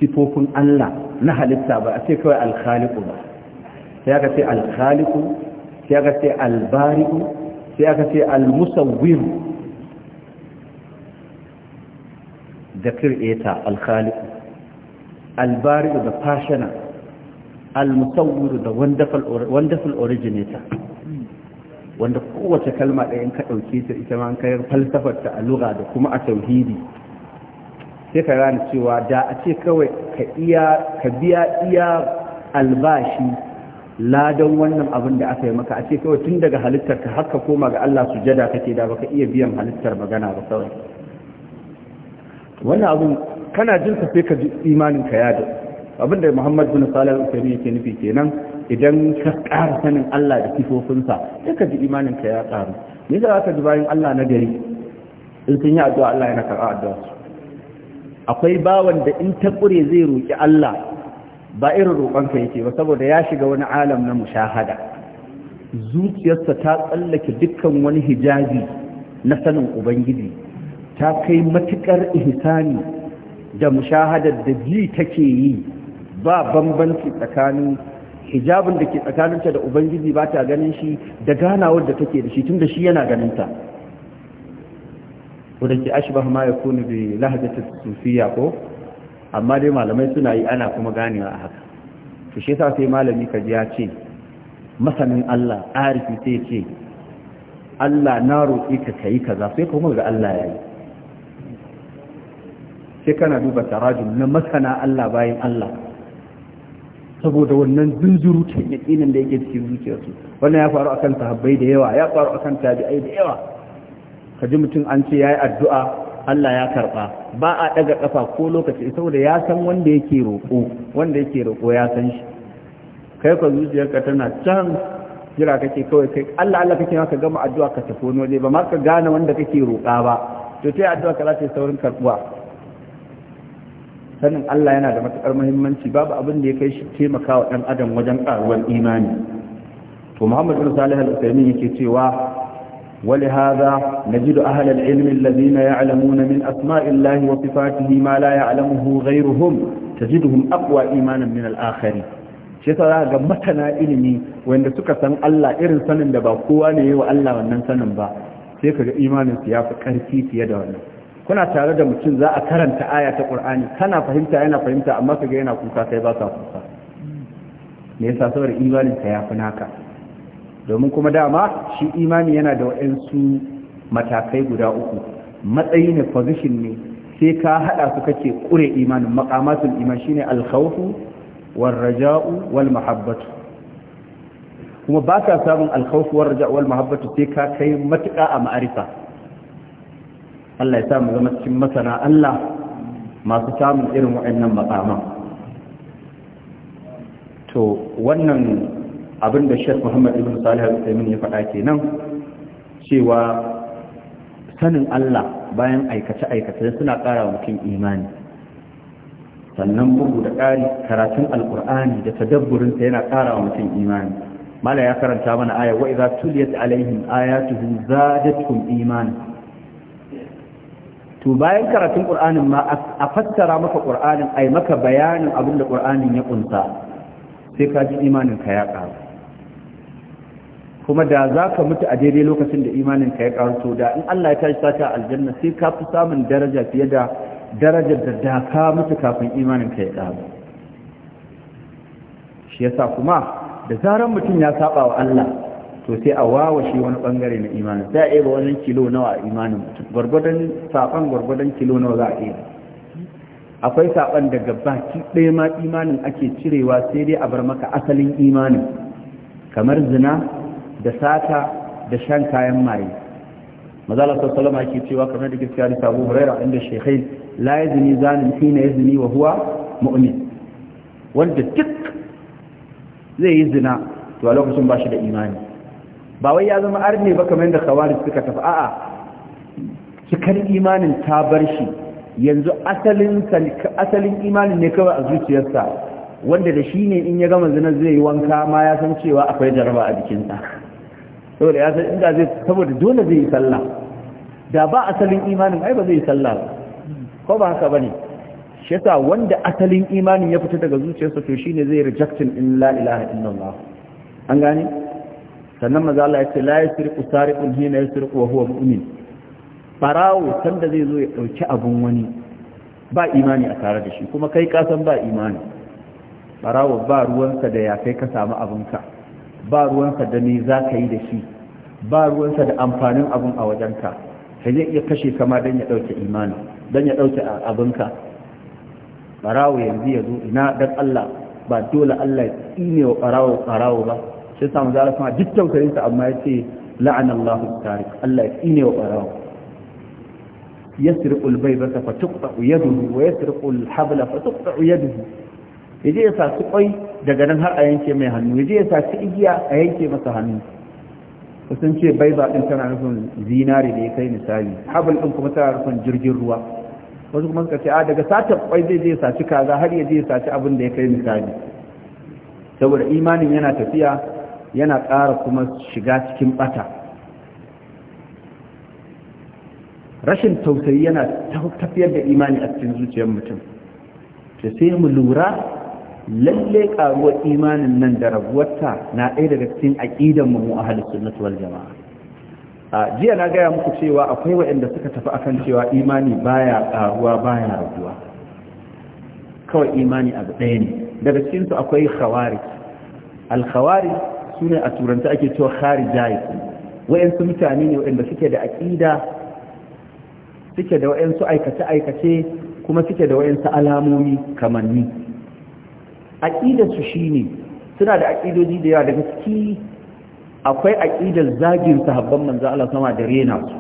sifofin Allah na halitta ba a ce kawai alkhaliqu ba sai aka ce alkhaliqu sai aka ce albariku sai aka ce almusawwir da creator alkhaliqu albariku da fashana al-musawwir da wonderful originator wanda kowace kalma ɗaya in ka ɗauke ta ita ma kayar falsafar ta a lura da kuma a tauhidi sai ka gane cewa da a ce kawai ka iya ka biya iya albashi ladan wannan abin da aka yi maka a ce kawai tun daga halittar ka haka koma ga Allah sujada kake da baka iya biyan halittar magana ba kawai wannan abin kana jin ka sai ka ji imanin ka ya da abinda muhammad bin salih al yake nufi kenan idan ka ƙara sanin Allah da kifofinsa, sai ka ji imaninka ya ƙaru me yasa ka ji bayan Allah na gari in sun yi addu'a Allah yana karɓa addu'a akwai bawan da in ta ƙure zai roƙi Allah ba irin roƙonka yake ba saboda ya shiga wani alam na mushahada zuciyarsa ta tsallake dukkan wani hijabi na sanin ubangiji ta kai matuƙar ihsani da mushahadar da ji take yi ba bambanci tsakanin hijabin da ke tsakaninta da ubangiji ba ta ganin shi da ganawar da take da shi tun da shi yana ganinta wadda ke ba ma ya kone bai lahajata sufiya ko amma dai malamai suna yi ana kuma ganewa a haka to shi sa sai malami ka ji ya ce masanin Allah arifi sai ce Allah na roƙi ka kai kaza sai kuma ga Allah ya yi sai kana duba tarajum na masana Allah bayan Allah saboda wannan zunzuru ta yakinin da yake cikin zuciyarsu wannan ya faru akan sahabbai da yawa ya faru akan tabi'ai da yawa Ka ji mutum an ce ya yi addu'a Allah ya karba ba a daga kafa ko lokaci saboda ya san wanda yake roƙo wanda yake roƙo ya san shi kai ka zuciyarka tana can jira kake kawai kai Allah Allah kake maka gama addu'a ka tafi wani waje ba ma ka gane wanda kake roƙa ba to sai addu'a ka za ta yi saurin karbuwa sanin Allah yana da matukar muhimmanci babu abin da ya kai shi taimakawa ɗan adam wajen ƙaruwar imani to Muhammad bin Salih al-Uthaymeen yake cewa ولهذا نجد أهل العلم الذين يعلمون من أسماء الله وصفاته ما لا يعلمه غيرهم تجدهم أقوى إيمانا من الآخرين shi yasa za ga matana ilimi wanda suka san Allah irin sanin da ba kowa ne wa Allah wannan sanin ba sai ga imanin su ya karfi ƙarfi fiye da wannan kuna tare da mutum za a karanta aya ta qur'ani kana fahimta yana fahimta amma ka ga yana kuka kai ba ka kuka me yasa saboda imanin ya yafi naka domin kuma dama shi imani yana da wa'ansu matakai guda uku matsayi ne position ne sai ka hada su kake kure imanin maqamatul iman shine al-khawfu war rajau wal-mahabbatu kuma ba ka samun al-khawfu war rajau wal-mahabbatu sai ka kai matuƙa a ma'arifa Allah ya sa mu zama cikin masana Allah masu samun irin waɗannan matsama to wannan abin da Sheikh Muhammad Ibn Salih Al-Uthaymeen ya faɗa kenan cewa sanin Allah bayan aikace-aikace suna ƙara mutum imani sannan bugu da ƙari karatun alƙur'ani da tadabburinsa yana ƙara wa mutum imani mala ya karanta mana aya wa idza tuliyat alaihim ayatuhu zadatuhum imani. to bayan karatun ƙur'anin ma a fassara maka ƙur'anin ai maka bayanin abinda ƙur'anin ya ƙunsa, sai ka ji imanin ka ya ƙaru kuma da za ka mutu a daidai lokacin da imanin ka ya ƙaru to da in Allah ya tashi sata aljanna sai ka fi samun daraja fiye da darajar da da ka mutu kafin imanin ka ya ƙaru shi yasa kuma da zaran mutum ya saba wa Allah to sai a wawashe wani bangare na imanin sai a eba wani kilo nawa a imanin mutum gwargwadon saban gwargwadon kilo nawa za a iya. akwai saban daga baki ɗaya ma imanin ake cirewa sai dai a bar maka asalin imanin kamar zina da sata da shan kayan maye mazala Salama ke cewa kamar da gaskiya da sabu huraira inda shekhai la yazni zanin ya zini wa huwa mu'min wanda duk zai yi zina to a lokacin ba shi da imani ba wai ya zama arne ba kamar da khawarij suka tafi a'a cikar imanin ta bar shi yanzu asalin asalin imanin ne kawai a zuciyarsa wanda da shi ne in ya gama zina zai yi wanka ma ya san cewa akwai jaraba a jikinsa saboda ya san inda zai saboda dole zai yi sallah da ba asalin imanin ai ba zai yi sallah ba ko ba haka bane shi yasa wanda asalin imanin ya fita daga zuciyarsa to shine zai rejectin in la ilaha illallah an gane sannan maza Allah ya ce la sirku sariqun hina yasriqu wa huwa mu'min barawo sanda zai zo ya dauki abun wani ba imani a tare da shi kuma kai ka san ba imani barawo ba ruwansa da ya kai ka samu ka, ba ruwansa da me za ka yi da shi ba ruwansa da amfanin abun a wajenka ka zai iya kashe kama don ya dauke imani don ya dauke ka. barawo yanzu ya zo ina dan Allah ba dole Allah ya tsine wa barawo ba Sai samu zara kuma duk tausayin sa amma yace la'ana Allahu tarik Allah ya tsine wa barawo yasriqu al-baybata fa tuqta'u yaduhu wa yasriqu al-habla fa tuqta'u yaduhu yaje ya saci kwai daga nan har a yanke mai hannu yaje ya saci igiya a yanke masa hannu sun ce ba din tana nufin zinari da ya kai misali habl din kuma tana nufin jirgin ruwa wasu kuma suka ce a daga satar kwai zai je ya saci kaza har ya je ya saci abin da ya kai misali saboda imanin yana tafiya yana ƙara kuma shiga cikin ɓata rashin tausayi yana tafiyar da imani a cikin zuciyar mutum to sai mu lura lalle ƙaruwar imanin nan da rabuwarta na ɗaya daga cikin aƙidan mu a halittun wal jama'a a jiya na gaya muku cewa akwai waɗanda suka tafi akan cewa imani baya ƙaruwa baya rabuwa kawai imani abu ɗaya ne daga cikinsu akwai khawarij al-khawarij su ne a turanta ake cewa kharijai wayansu mutane ne wayanda suke da aqida suke da wayansu aikace aikace kuma suke da wayansu alamomi kamanni aqidar su shine suna da aqidoji da yawa daga ciki akwai aqidar zagin sahabban manzo Allah sama da rena su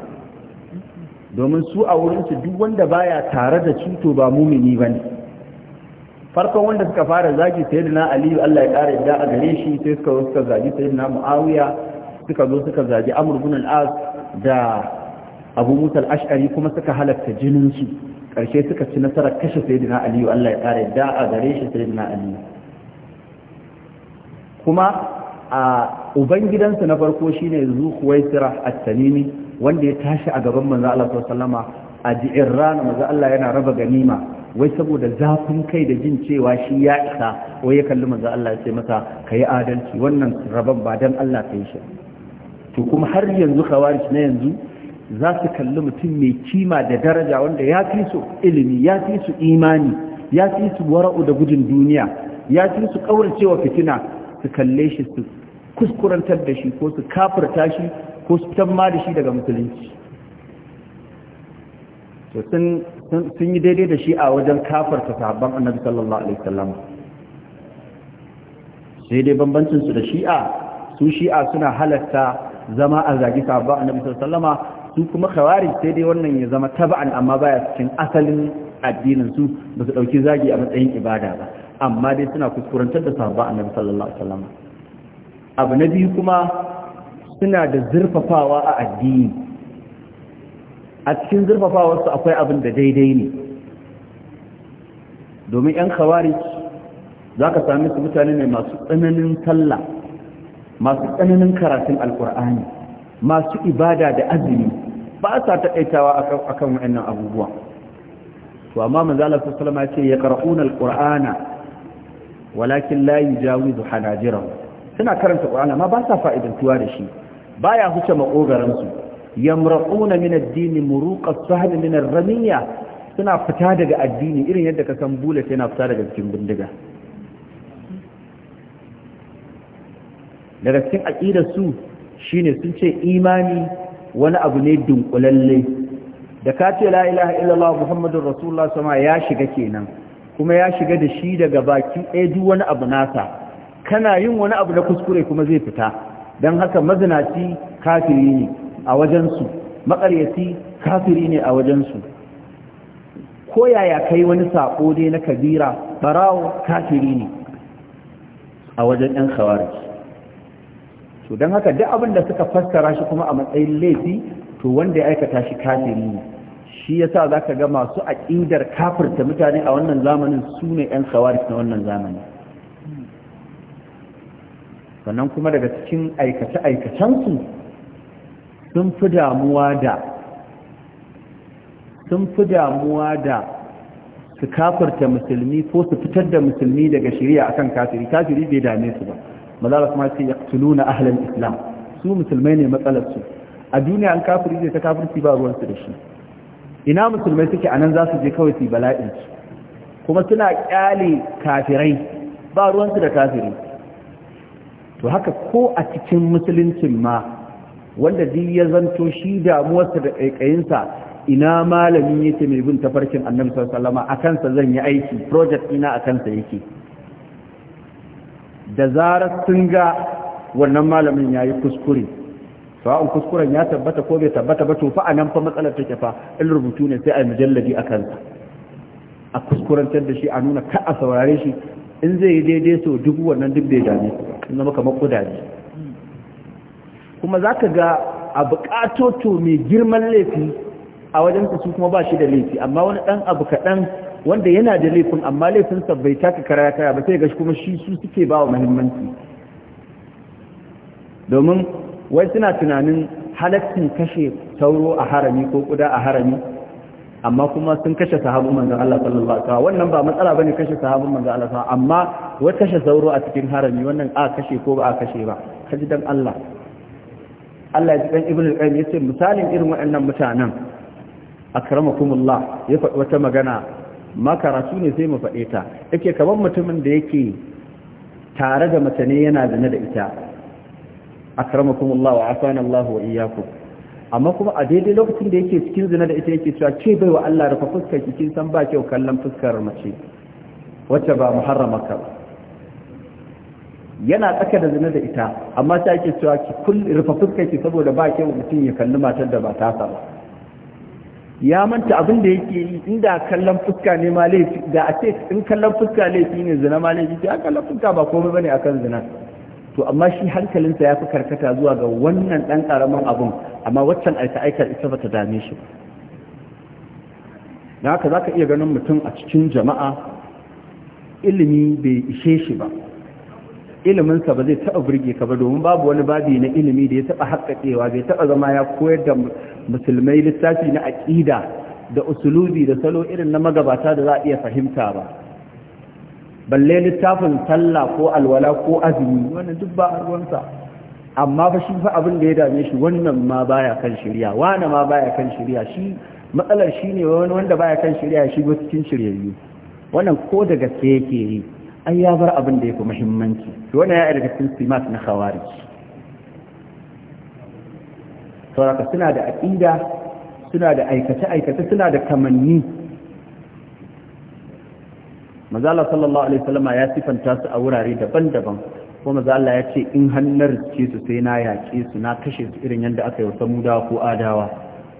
domin su a wurin su duk wanda baya tare da cuto ba mumini bane farkon wanda suka fara zagi sayyidina aliyu Allah ya ƙara da a gare shi sai suka zo suka zagi sayyidina muawiya suka zo suka zagi amr ibn da abu musa al kuma suka halatta jinin ƙarshe suka ci nasarar kashe sayyidina aliyu Allah ya ƙara da a gare shi sayyidina aliyu kuma a ubangidansa na farko shine zuhuwaisira at-tamimi wanda ya tashi a gaban manzo Allah sallama, a ji'in rana, ji'irran manzo Allah yana raba ganima wai saboda zafin kai da jin cewa shi ya isa wai ya kalli manzo Allah ya ce masa kai adalci wannan rabon ba dan Allah kai shi to kuma har yanzu khawarij na yanzu za su kalli mutum mai kima da daraja wanda ya fi su ilimi ya fi su imani ya fi su wara'u da gudun duniya ya fi su wa fitina su kalle shi su kuskurantar da shi ko su kafirta shi ko su tamma da shi daga musulunci to sun yi daidai da shi a wajen kafarta sahabban annabi sallallahu alaihi wasallam sai dai bambancin su da shi'a su shi'a suna halatta zama a zagi sahabban annabi sallallahu alaihi wasallama su kuma khawarij sai dai wannan ya zama taba'an amma baya cikin asalin addinin su ba su dauki zagi a matsayin ibada ba amma dai suna kuskurantar da sahabban annabi sallallahu alaihi wasallama abu na biyu kuma suna da zurfafawa a addini a cikin zurfafawarsu akwai abin da daidai ne domin 'yan kawari za ka sami su mutane ne masu tsananin sallah masu tsananin karatun alkur'ani masu ibada da azumi ba sa taɗaitawa a kan wa'annan abubuwa to amma manzala su salama ce ya ƙar'un alkur'ana walakin layi jawi zu hanajiran suna karanta ƙur'ana ma ba sa fa'idantuwa da shi ba ya huce maƙogaransu yamraquna min ad-din muruqa sahl min ar-ramiya suna fita daga addini irin yadda ka san bullet yana fita daga cikin bindiga daga cikin aqida su shine sun ce imani wani abu ne dunkulalle da ka ce la ilaha illallah muhammadur rasulullah sama ya shiga kenan kuma ya shiga da shi daga baki ɗaya duk wani abu nasa kana yin wani abu na kuskure kuma zai fita don haka mazinaci kafiri ne a wajensu maƙaryaci kafiri ne a wajensu ko yaya kai wani sako dai na kabira barawo kafiri ne a wajen 'yan khawarij to don haka duk abin da suka fassara shi kuma a matsayin laifi to wanda ya aikata shi kafiri ne shi yasa zaka ga masu aqidar kafirta mutane a wannan zamanin su ne ƴan khawarij na wannan zamanin. sannan kuma daga cikin aikace su. sun fi damuwa da sun fi damuwa da su kafarta musulmi ko su fitar da musulmi daga shari'a akan kafiri kafiri bai dame su ba mazala kuma ce yaqtuluna ahlal islam su musulmai ne matsalar su a duniya an kafiri zai ta kafirci ba ruwan su da shi ina musulmai suke anan za su je kawai su bala'in su kuma suna kyale kafirai ba ruwan su da kafiri to haka ko a cikin musuluncin ma wanda duk ya zanto shi damuwarsa da ƙaiƙayinsa ina malami yake mai bin tafarkin annabi sallallahu a kansa zan yi aiki project ina a kansa yake da zarar sun ga wannan malamin ya yi kuskure sawa'un kuskuren ya tabbata ko bai tabbata ba to fa a nan fa matsalar take fa in rubutu ne sai a yi mujalladi a kansa a kuskurantar da shi a nuna ka a saurare shi in zai yi daidai so duk wannan duk bai dame su zama kamar kudaje kuma za ka ga a buƙatoto mai girman laifi a wajen su kuma ba shi da laifi amma wani ɗan abu kaɗan wanda yana da laifin amma laifinsa bai taka kara kaya ba sai ga shi kuma shi su suke ba wa muhimmanci domin wai suna tunanin halaccin kashe sauro a harami ko kuda a harami amma kuma sun kashe sahabu manzan Allah sallallahu alaihi wannan ba matsala bane kashe sahabu manzan Allah amma wai kashe sauro a cikin harami wannan a kashe ko ba a kashe ba kaji dan Allah Allah ya ji kan ibn al-qayyim yace misalin irin waɗannan mutanen akramakumullah ya faɗi wata magana makaratu ne sai mu faɗe ta yake kamar mutumin da yake tare da mace ne yana zane da ita akramakumullah wa afana Allah wa iyyakum amma kuma a daidai lokacin da yake cikin zina da ita yake cewa ce bai wa Allah rufa fuskar cikin san ba kyau kallon fuskar mace wacce ba ka ba yana tsaka da zina da ita amma sai ake cewa ki rufa fuskarki saboda ba ke mutum ya kalli matar da ba ta ba ya manta abin da yake yi inda kallon fuska ne ma laifi da a ce in kallon fuska laifi ne zina ma laifi ce kallon fuska ba komai bane akan zina to amma shi hankalinsa ya fi karkata zuwa ga wannan dan karamin abun amma waccan aika aikar ita bata dame shi na haka zaka iya ganin mutum a cikin jama'a ilimi bai ishe shi ba iliminsa ba zai taɓa burge ka ba domin babu wani babi na ilimi da ya taɓa haƙaƙewa bai taɓa zama ya koyar da musulmai littafi na aƙida da usulubi da salo irin na magabata da za a iya fahimta ba balle littafin sallah ko alwala ko azumi wannan duk ba ruwansa amma fa shi fa abin da ya dame shi wannan ma baya kan shirya wani ma baya kan shirya shi matsalar shi ne wani wanda baya kan shirya shi ba cikin shiryayyu wannan ko da gaske yake yi ai ya bar abin da ya fi muhimmanci wani ya daga cikin simat na khawarij sauraka suna da aƙida suna da aikace-aikace suna da kamanni mazala sallallahu alaihi wasallama ya sifanta su a wurare daban-daban ko mazala ya ce in hannar ce su sai na yaƙe su na kashe su irin yadda aka yi wasu mudawa ko adawa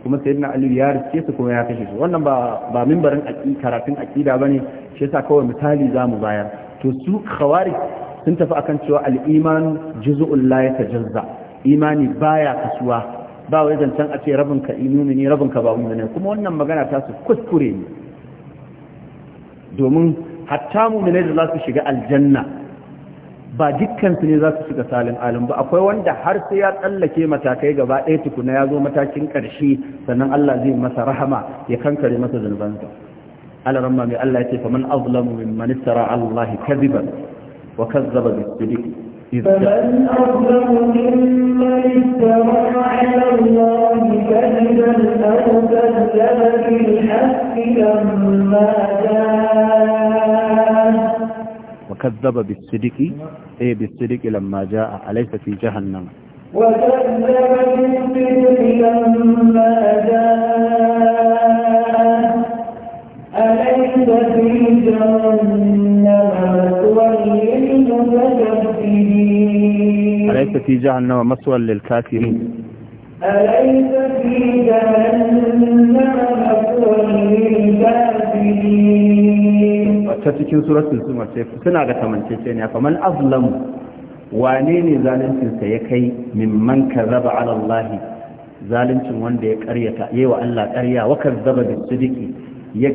kuma sai na aliyu ya riske su kuma ya kashe su wannan ba mimbarin karatun aƙida ba ne shi yasa kawai misali za mu bayar to su khawarij sun tafi akan cewa al-iman juz'un la yatajazza imani baya kasuwa ba wai zancan a ce rabin ka inumi ne rabin ka ba ne kuma wannan magana ta su kuskure ne domin hatta mu'minai da za su shiga aljanna ba dukkan su ne za su shiga salin alim ba akwai wanda har sai ya tsallake matakai gaba ɗaya tukuna ya zo matakin ƙarshe sannan Allah zai masa rahama ya kankare masa zunubansa على ramma الله Allah yake faman azlamu mimman istara ala Allah kadiban فمن أظلم ممن افترى على الله كذبا أو كذب بالحق لما جاء وكذب بالسلك اي بالسلك لما جاء أليس في جهنم وكذب بالسلك لما جاء ليس في جهنم مثوى للمتكبرين أليس في جهنم مثوى للكافرين أليس في جهنم مثوى للكافرين وتتكين سورة الزمر سنة كمان تتين فمن أظلم wane ne zaluncinsa ya kai mimman kazzaba ala Allah zaluncin wanda ya karyata yayi wa Allah karya wa zaba bis sidiki ya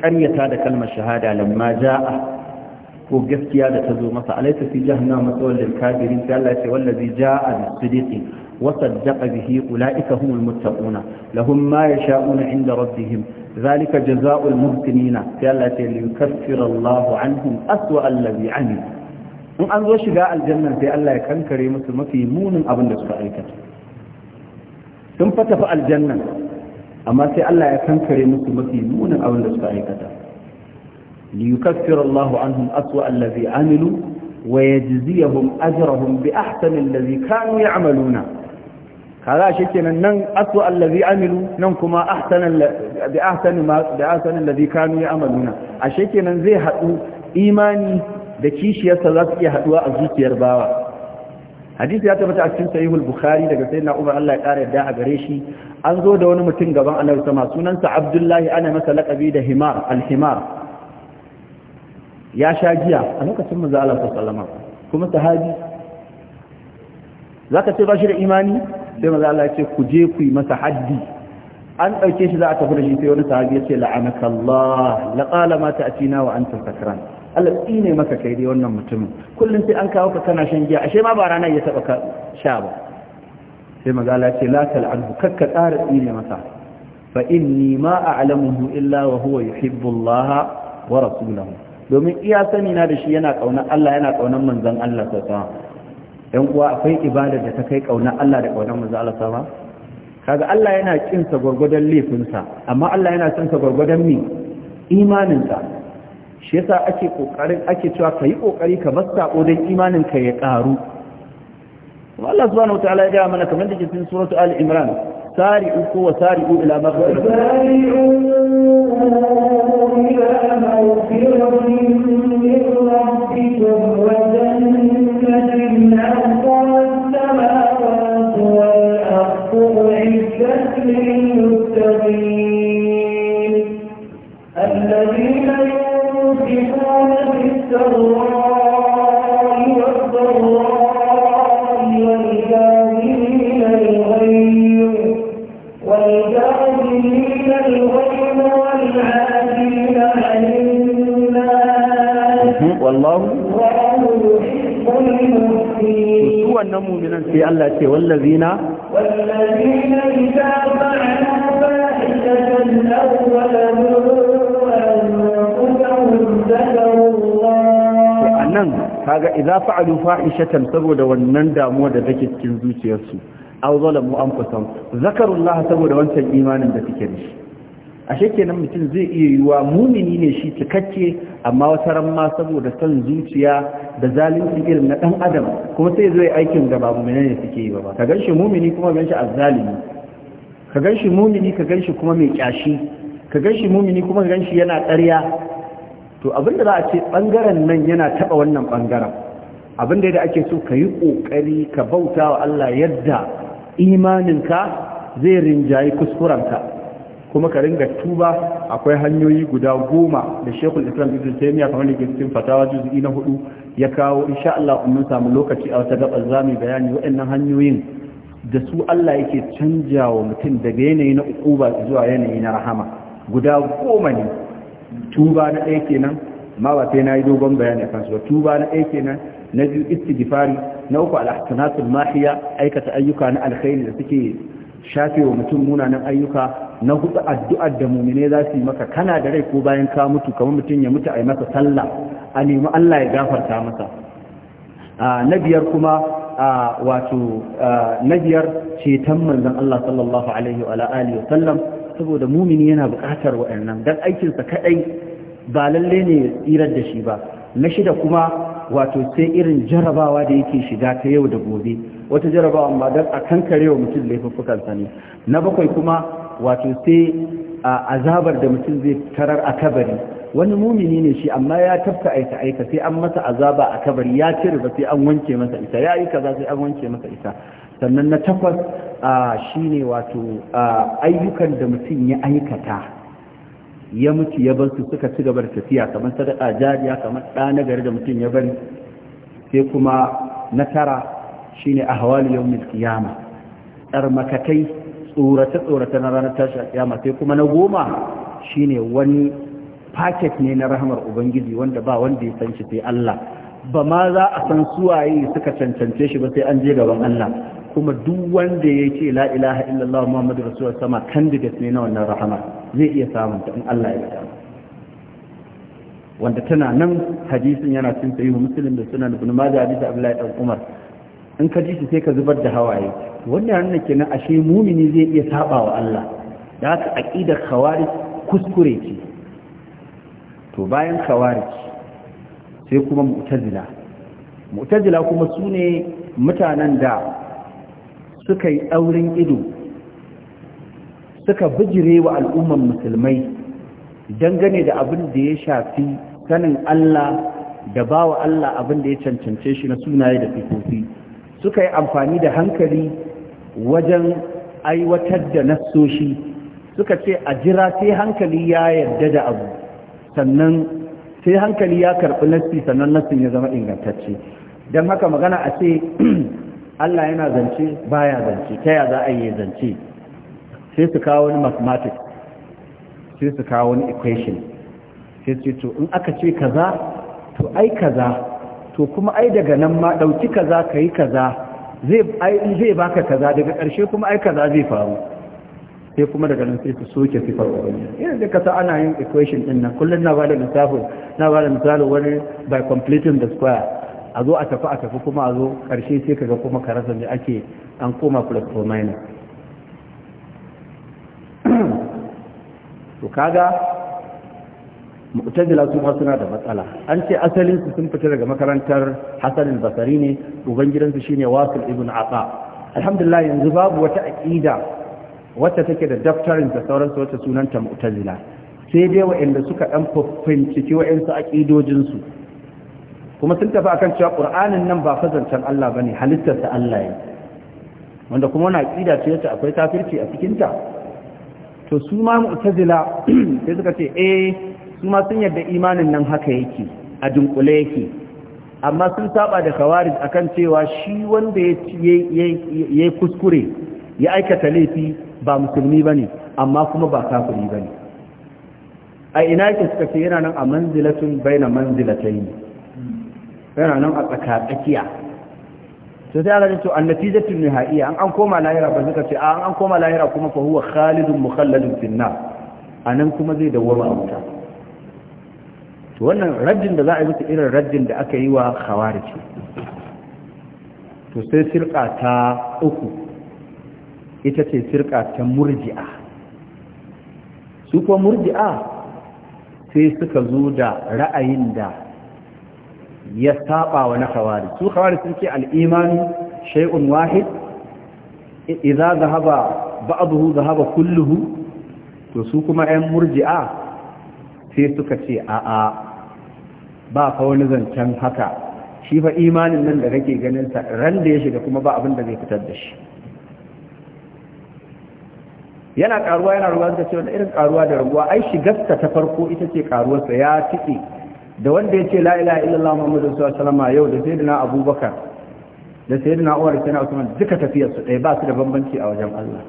ƙaryata da kalmar shahada lamma ja'a ko gaskiya da ta zo masa alaita fi jahannama matsawal lil kafirin sai Allah ya ce wallazi ja'a bis sidiqi wa saddaqa bihi ulaika humul muttaquna lahum ma yasha'una 'inda rabbihim zalika jazaa'ul muhsinina sai Allah ya ce liyukaffira Allahu 'anhum aswa allazi 'amil in an zo shiga aljanna sai Allah ya kankare musu mafi munin abin da suka aikata sun fa aljanna amma sai Allah ya kankare musu mafi munin abin da suka aikata li yukaffiru Allahu anhum aswa allazi amilu wa yajziyahum ajrahum bi ahsani allazi kanu ya'maluna kaza shikenan nan aswa allazi amilu nan kuma ahsana bi ahsani ma bi ahsani allazi kanu ya'maluna a shikenan zai hadu imani da kishiyarsa za su iya haduwa a zuciyar bawa hadisi ya tabbata a cikin sahihul bukhari daga sayyidina umar Allah ya kare yadda a gare shi an zo da wani mutum gaban annabi sama sunansa abdullahi ana masa laqabi da himar al-himar ya sha giya a lokacin manzo Allah sallallahu kuma sahabi zaka ce ba shi da imani sai manzo Allah ya ce ku je ku yi masa haddi an dauke shi za a tafi da shi sai wani sahabi ya ce la'anakallah laqala ma ta'tina wa anta sakran Allah tsine maka kai dai wannan mutumin kullum sai an kawo ka kana shan giya ashe ma ba ranar ya taba ka sha ba sai magala ce la tal'anhu kakka tsara tsine masa fa inni ma a'lamuhu illa wa huwa yuhibbu wa rasulahu domin iya sani na da shi yana kauna Allah yana kaunan manzon Allah sallallahu alaihi wasallam uwa akwai ibada da ta kai kauna Allah da kaunan manzon Allah sallallahu alaihi wasallam kaga Allah yana kinsa gurgurdan laifinsa amma Allah yana kinsa gurgurdan mi imaninsa shi yasa ake kokarin ake cewa kai kokari ka bar sako dan imanin ka ya karu Allah subhanahu wataala ya ga mana kamar da ke cikin suratu Ali Imran sari'u ko wa sari'u ila maghfirah sari'u ila maghfirah min rabbikum wa na muminan sai Allah ce wallazina wallazina idza fa'alu fa'idatan aw nan kaga idza fa'alu fa'ishatan saboda wannan damuwa da take cikin zuciyarsu aw zalamu anfusahum zakarullaha saboda wancan imanin da take da shi ashe kenan mutum zai iya yiwa mumini ne shi cikakke amma wata ran ma saboda son zuciya da zalunci irin na dan adam kuma sai zai aikin da ba mumina ne suke yi ba ka ganshi mumini kuma ganshi azzalimi ka ganshi mumini ka ganshi kuma mai kyashi ka ganshi mumini kuma ka ganshi yana ƙarya to abinda za a ce bangaren nan yana taba wannan bangaren abinda da ake so ka yi kokari ka bauta wa Allah yadda imaninka zai rinjayi kuskurenka kuma ka ringa tuba akwai hanyoyi guda goma da shekul islam ibn taymiya kamar ke cikin fatawa juz'i na hudu ya kawo insha Allah mun samu lokaci a wata gabar zamu bayani waɗannan hanyoyin da su Allah yake canjawa mutum daga yanayi na ukuba zuwa yanayi na rahama guda goma ne tuba na ɗaya kenan ma ba sai nayi dogon bayani akan su ba tuba na ɗaya kenan na biyu istighfari na uku al-ahsanatul mahiya aikata ayyuka na alkhairi da suke shafe wa mutum munanan ayyuka na hudu addu'ar da mumine za su yi maka kana da rai ko bayan ka mutu kamar mutum ya mutu a yi masa sallah a nemi Allah ya gafarta masa na biyar kuma wato na biyar ceton manzon Allah sallallahu alaihi wa alihi sallam saboda mumini yana buƙatar wa'annan dan aikinsa kadai ba lalle ne ya tsirar da shi ba na shida kuma wato sai irin jarabawa da yake shiga ta yau da gobe wata jarabawa amma don a kankare wa mutum laifuffukansa ne na bakwai kuma wato sai azabar da mutum zai tarar a kabari wani mumini ne shi amma ya tafka aika aika sai an masa azaba a kabari ya ci riba sai an wanke masa ita ya yi kaza sai an wanke masa ita sannan na takwas shine wato ayyukan da mutum ya aikata ya mutu ya bar su suka ci gaba da tafiya kamar sadaka jariya kamar ɗa nagari da mutum ya bari sai kuma na tara Shi ne shine ahwali yawmil ɗar tsarmakatai tsorata tsorata na ranar tashi kiyama sai kuma na goma shi ne wani paket ne na Rahamar ubangiji wanda ba wanda ya san shi sai Allah ba ma za a san suwaye suka cancance shi ba sai an je gaban Allah kuma duk wanda ya ce la ilaha illallah muhammadu rasuwar sama candidate ne na wannan rahama zai iya samun ta in Allah ya yarda wanda tana nan hadisin yana cin wa musulun da sunan ibn majah hadisi abdullahi dan umar in ka ji shi sai ka zubar da hawaye wannan nan kenan ashe mumini zai iya saba wa Allah da haka aqidar khawarij kuskure ce to bayan khawarij sai kuma mu'tazila mu'tazila kuma sune mutanen da suka yi auren ido suka bijire wa al'umman musulmai dangane da abin da ya shafi sanin Allah da bawa Allah abin da ya cancance shi na sunaye da sifofi suka yi amfani da hankali wajen aiwatar da nassoshi suka ce a jira sai hankali ya yarda da abu sannan sai hankali ya karɓi nassi sannan nassin ya zama ingantacce don haka magana a ce Allah yana zance baya zance ta ya za a yi zance sai su kawo wani mathematics sai su kawo wani equation sai ce to in aka ce kaza to ai kaza to kuma ai daga nan ma ɗauki kaza ka yi kaza zai baka kaza daga ƙarshe kuma ai kaza zai faru sai kuma daga nan sai ka soke sifar ubangiji yana da kasa ana yin equation din nan kullum na bada misali na bada misali wani by completing the square a zo a tafi a tafi kuma a zo ƙarshe sai kaga kuma ka rasa da ake an koma plus or minus to kaga mu'tazila su suna da matsala an ce asalin su sun fita daga makarantar Hassan al-Basri ne Ubangidansu shine Wasil ibn Aqa alhamdulillah yanzu babu wata aqida wacce take da daftarin da sauransu wacce sunanta mu'tazila sai dai waɗanda suka ciki finciki waɗansu aƙidojinsu kuma sun tafi akan cewa ƙur'anin nan ba fazancan Allah bane, ne halittarsa Allah ya wanda kuma wani aƙida ce yace akwai kafirci a cikinta to su ma mu'tazila sai suka ce eh su ma sun yadda imanin nan haka yake a dunkule yake amma sun saba da a akan cewa shi wanda ya kuskure ya aikata laifi ba musulmi bane amma kuma ba kafiri bane a ina yake suka ce yana nan a manzilatun baina manzilatai yana nan a tsakatsakiya to sai Allah ya ce annatijatu nihaiya an an koma lahira ba suka ce an an koma lahira kuma fa huwa khalidun mukhalladun a anan kuma zai dawwama a wuta to wannan raddin da za a yi musu irin raddin da aka yi wa khawarij to sai firqa ta uku ita ce sirka ta murji'a su kuma murji'a sai suka zo da ra'ayin da ya saba wa na khawarij su khawarij sun ce al-iman shay'un wahid idza dhahaba ba'dahu dhahaba kulluhu to su kuma 'yan murji'a sai suka ce a'a ba fa wani zancen haka shi fa imanin nan da kake ganin sa ran da ya shiga kuma ba abin da zai fitar da shi yana karuwa yana ruwa da cewa irin karuwa da raguwa ai shigarsa ta farko ita ce karuwarsa ya tiki da wanda ya ce la ilaha illallah muhammadu sallallahu alaihi yau da sayyidina abubakar da sayyidina umar da sayyidina usman duka tafiyar su ɗaya ba su da bambanci a wajen Allah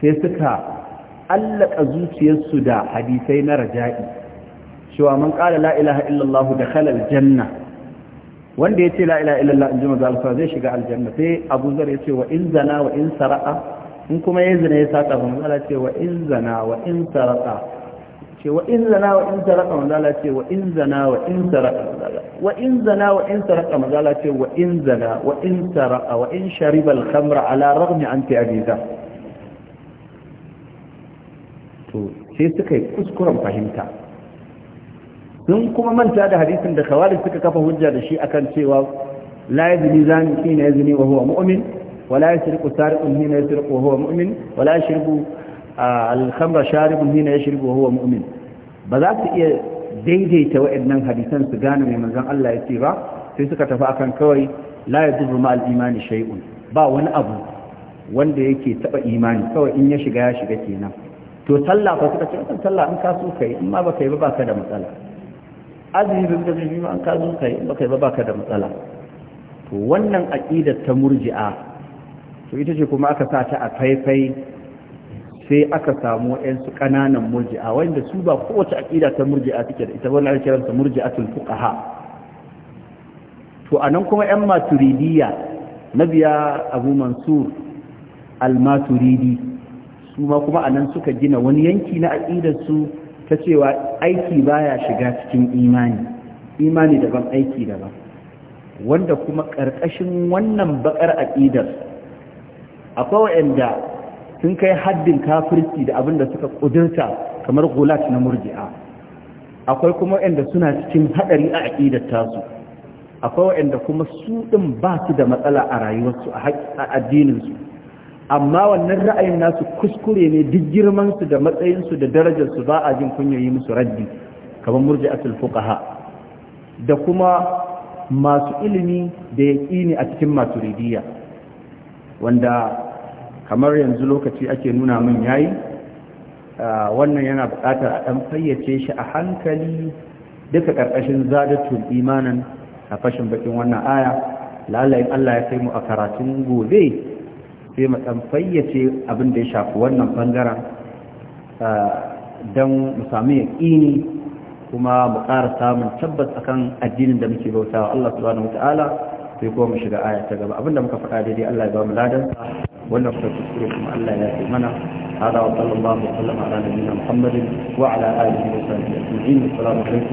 sai suka allaka zuciyarsu da hadisai na raja'i cewa man qala la ilaha illallah dakhala aljanna wanda yace la ilaha illallah in ji manzo zai shiga aljanna sai Abu Zar yace wa in zana wa in sara'a in kuma ya zina ya saka ba manzo ce wa in zana wa in sara'a ce wa in zana wa in sara'a manzo ce wa in zana wa in sara'a wa in zana wa in sara'a ce wa in zana wa in sara'a wa in shariba al-khamra ala raghmi an ta'abida to sai suka yi kuskuren fahimta sun kuma manta da hadisin da khawarij suka kafa hujja da shi akan cewa la yazni zani hina yazni wa huwa mu'min wa la yasriqu sariqun hina yasriqu wa huwa mu'min wa la yashribu al-khamra sharibun hina yashribu wa huwa mu'min ba za su iya daidaita waɗannan hadisan su gane mai manzon Allah ya ce ba sai suka tafi akan kawai la yadurru ma al-imani shay'un ba wani abu wanda yake taba imani kawai in ya shiga ya shiga kenan to sallah ko suka ce kan sallah an kasu kai in ma baka yi ba baka da matsala azumi bin da ma an kasu kai in baka yi ba baka da matsala to wannan aqidar ta murji'a to ita ce kuma aka sa ta a faifai sai aka samu ɗan su kananan murji'a wanda su ba kowace aqida ta murji'a take da ita wannan ake kiransa murji'atul fuqaha to anan kuma ƴan maturidiyya mabiya abu mansur al-maturidi su ma kuma a nan suka gina wani yanki na aƙidarsu ta cewa aiki baya shiga cikin imani imani daban aiki daban wanda kuma ƙarƙashin wannan baƙar aƙidar akwai waɗanda sun kai haddin kafirci da abin da suka ƙudurta kamar gulat na murji'a akwai kuma waɗanda suna cikin haɗari a aƙidar tasu akwai waɗanda kuma su ɗin ba su da matsala a rayuwarsu a addininsu amma wannan ra'ayin nasu kuskure ne duk girmansu da matsayinsu da darajarsu ba a jin yi musu raddi kamar murji'atul fuqaha da kuma masu ilimi da ne a cikin maturidiyya wanda kamar yanzu lokaci ake nuna min yayi wannan yana buƙatar a ɗan fayyace shi a hankali duka ƙarƙashin zadatul imanan a fashin bakin wannan aya lalayin Allah ya kai mu a karatun gobe sai mu fayyace abin da ya shafi wannan bangaren don mu samu yaƙini kuma mu ƙara samun tabbas a kan addinin da muke bautawa Allah subhanahu wataala sai kuma mu shiga aya ta gaba abinda muka faɗa daidai Allah ya ba mu ladan wannan kuka kuskure kuma Allah ya yi mana hada wa sallallahu alaihi wa sallam ala nabiyina Muhammadin wa ala alihi wa sahbihi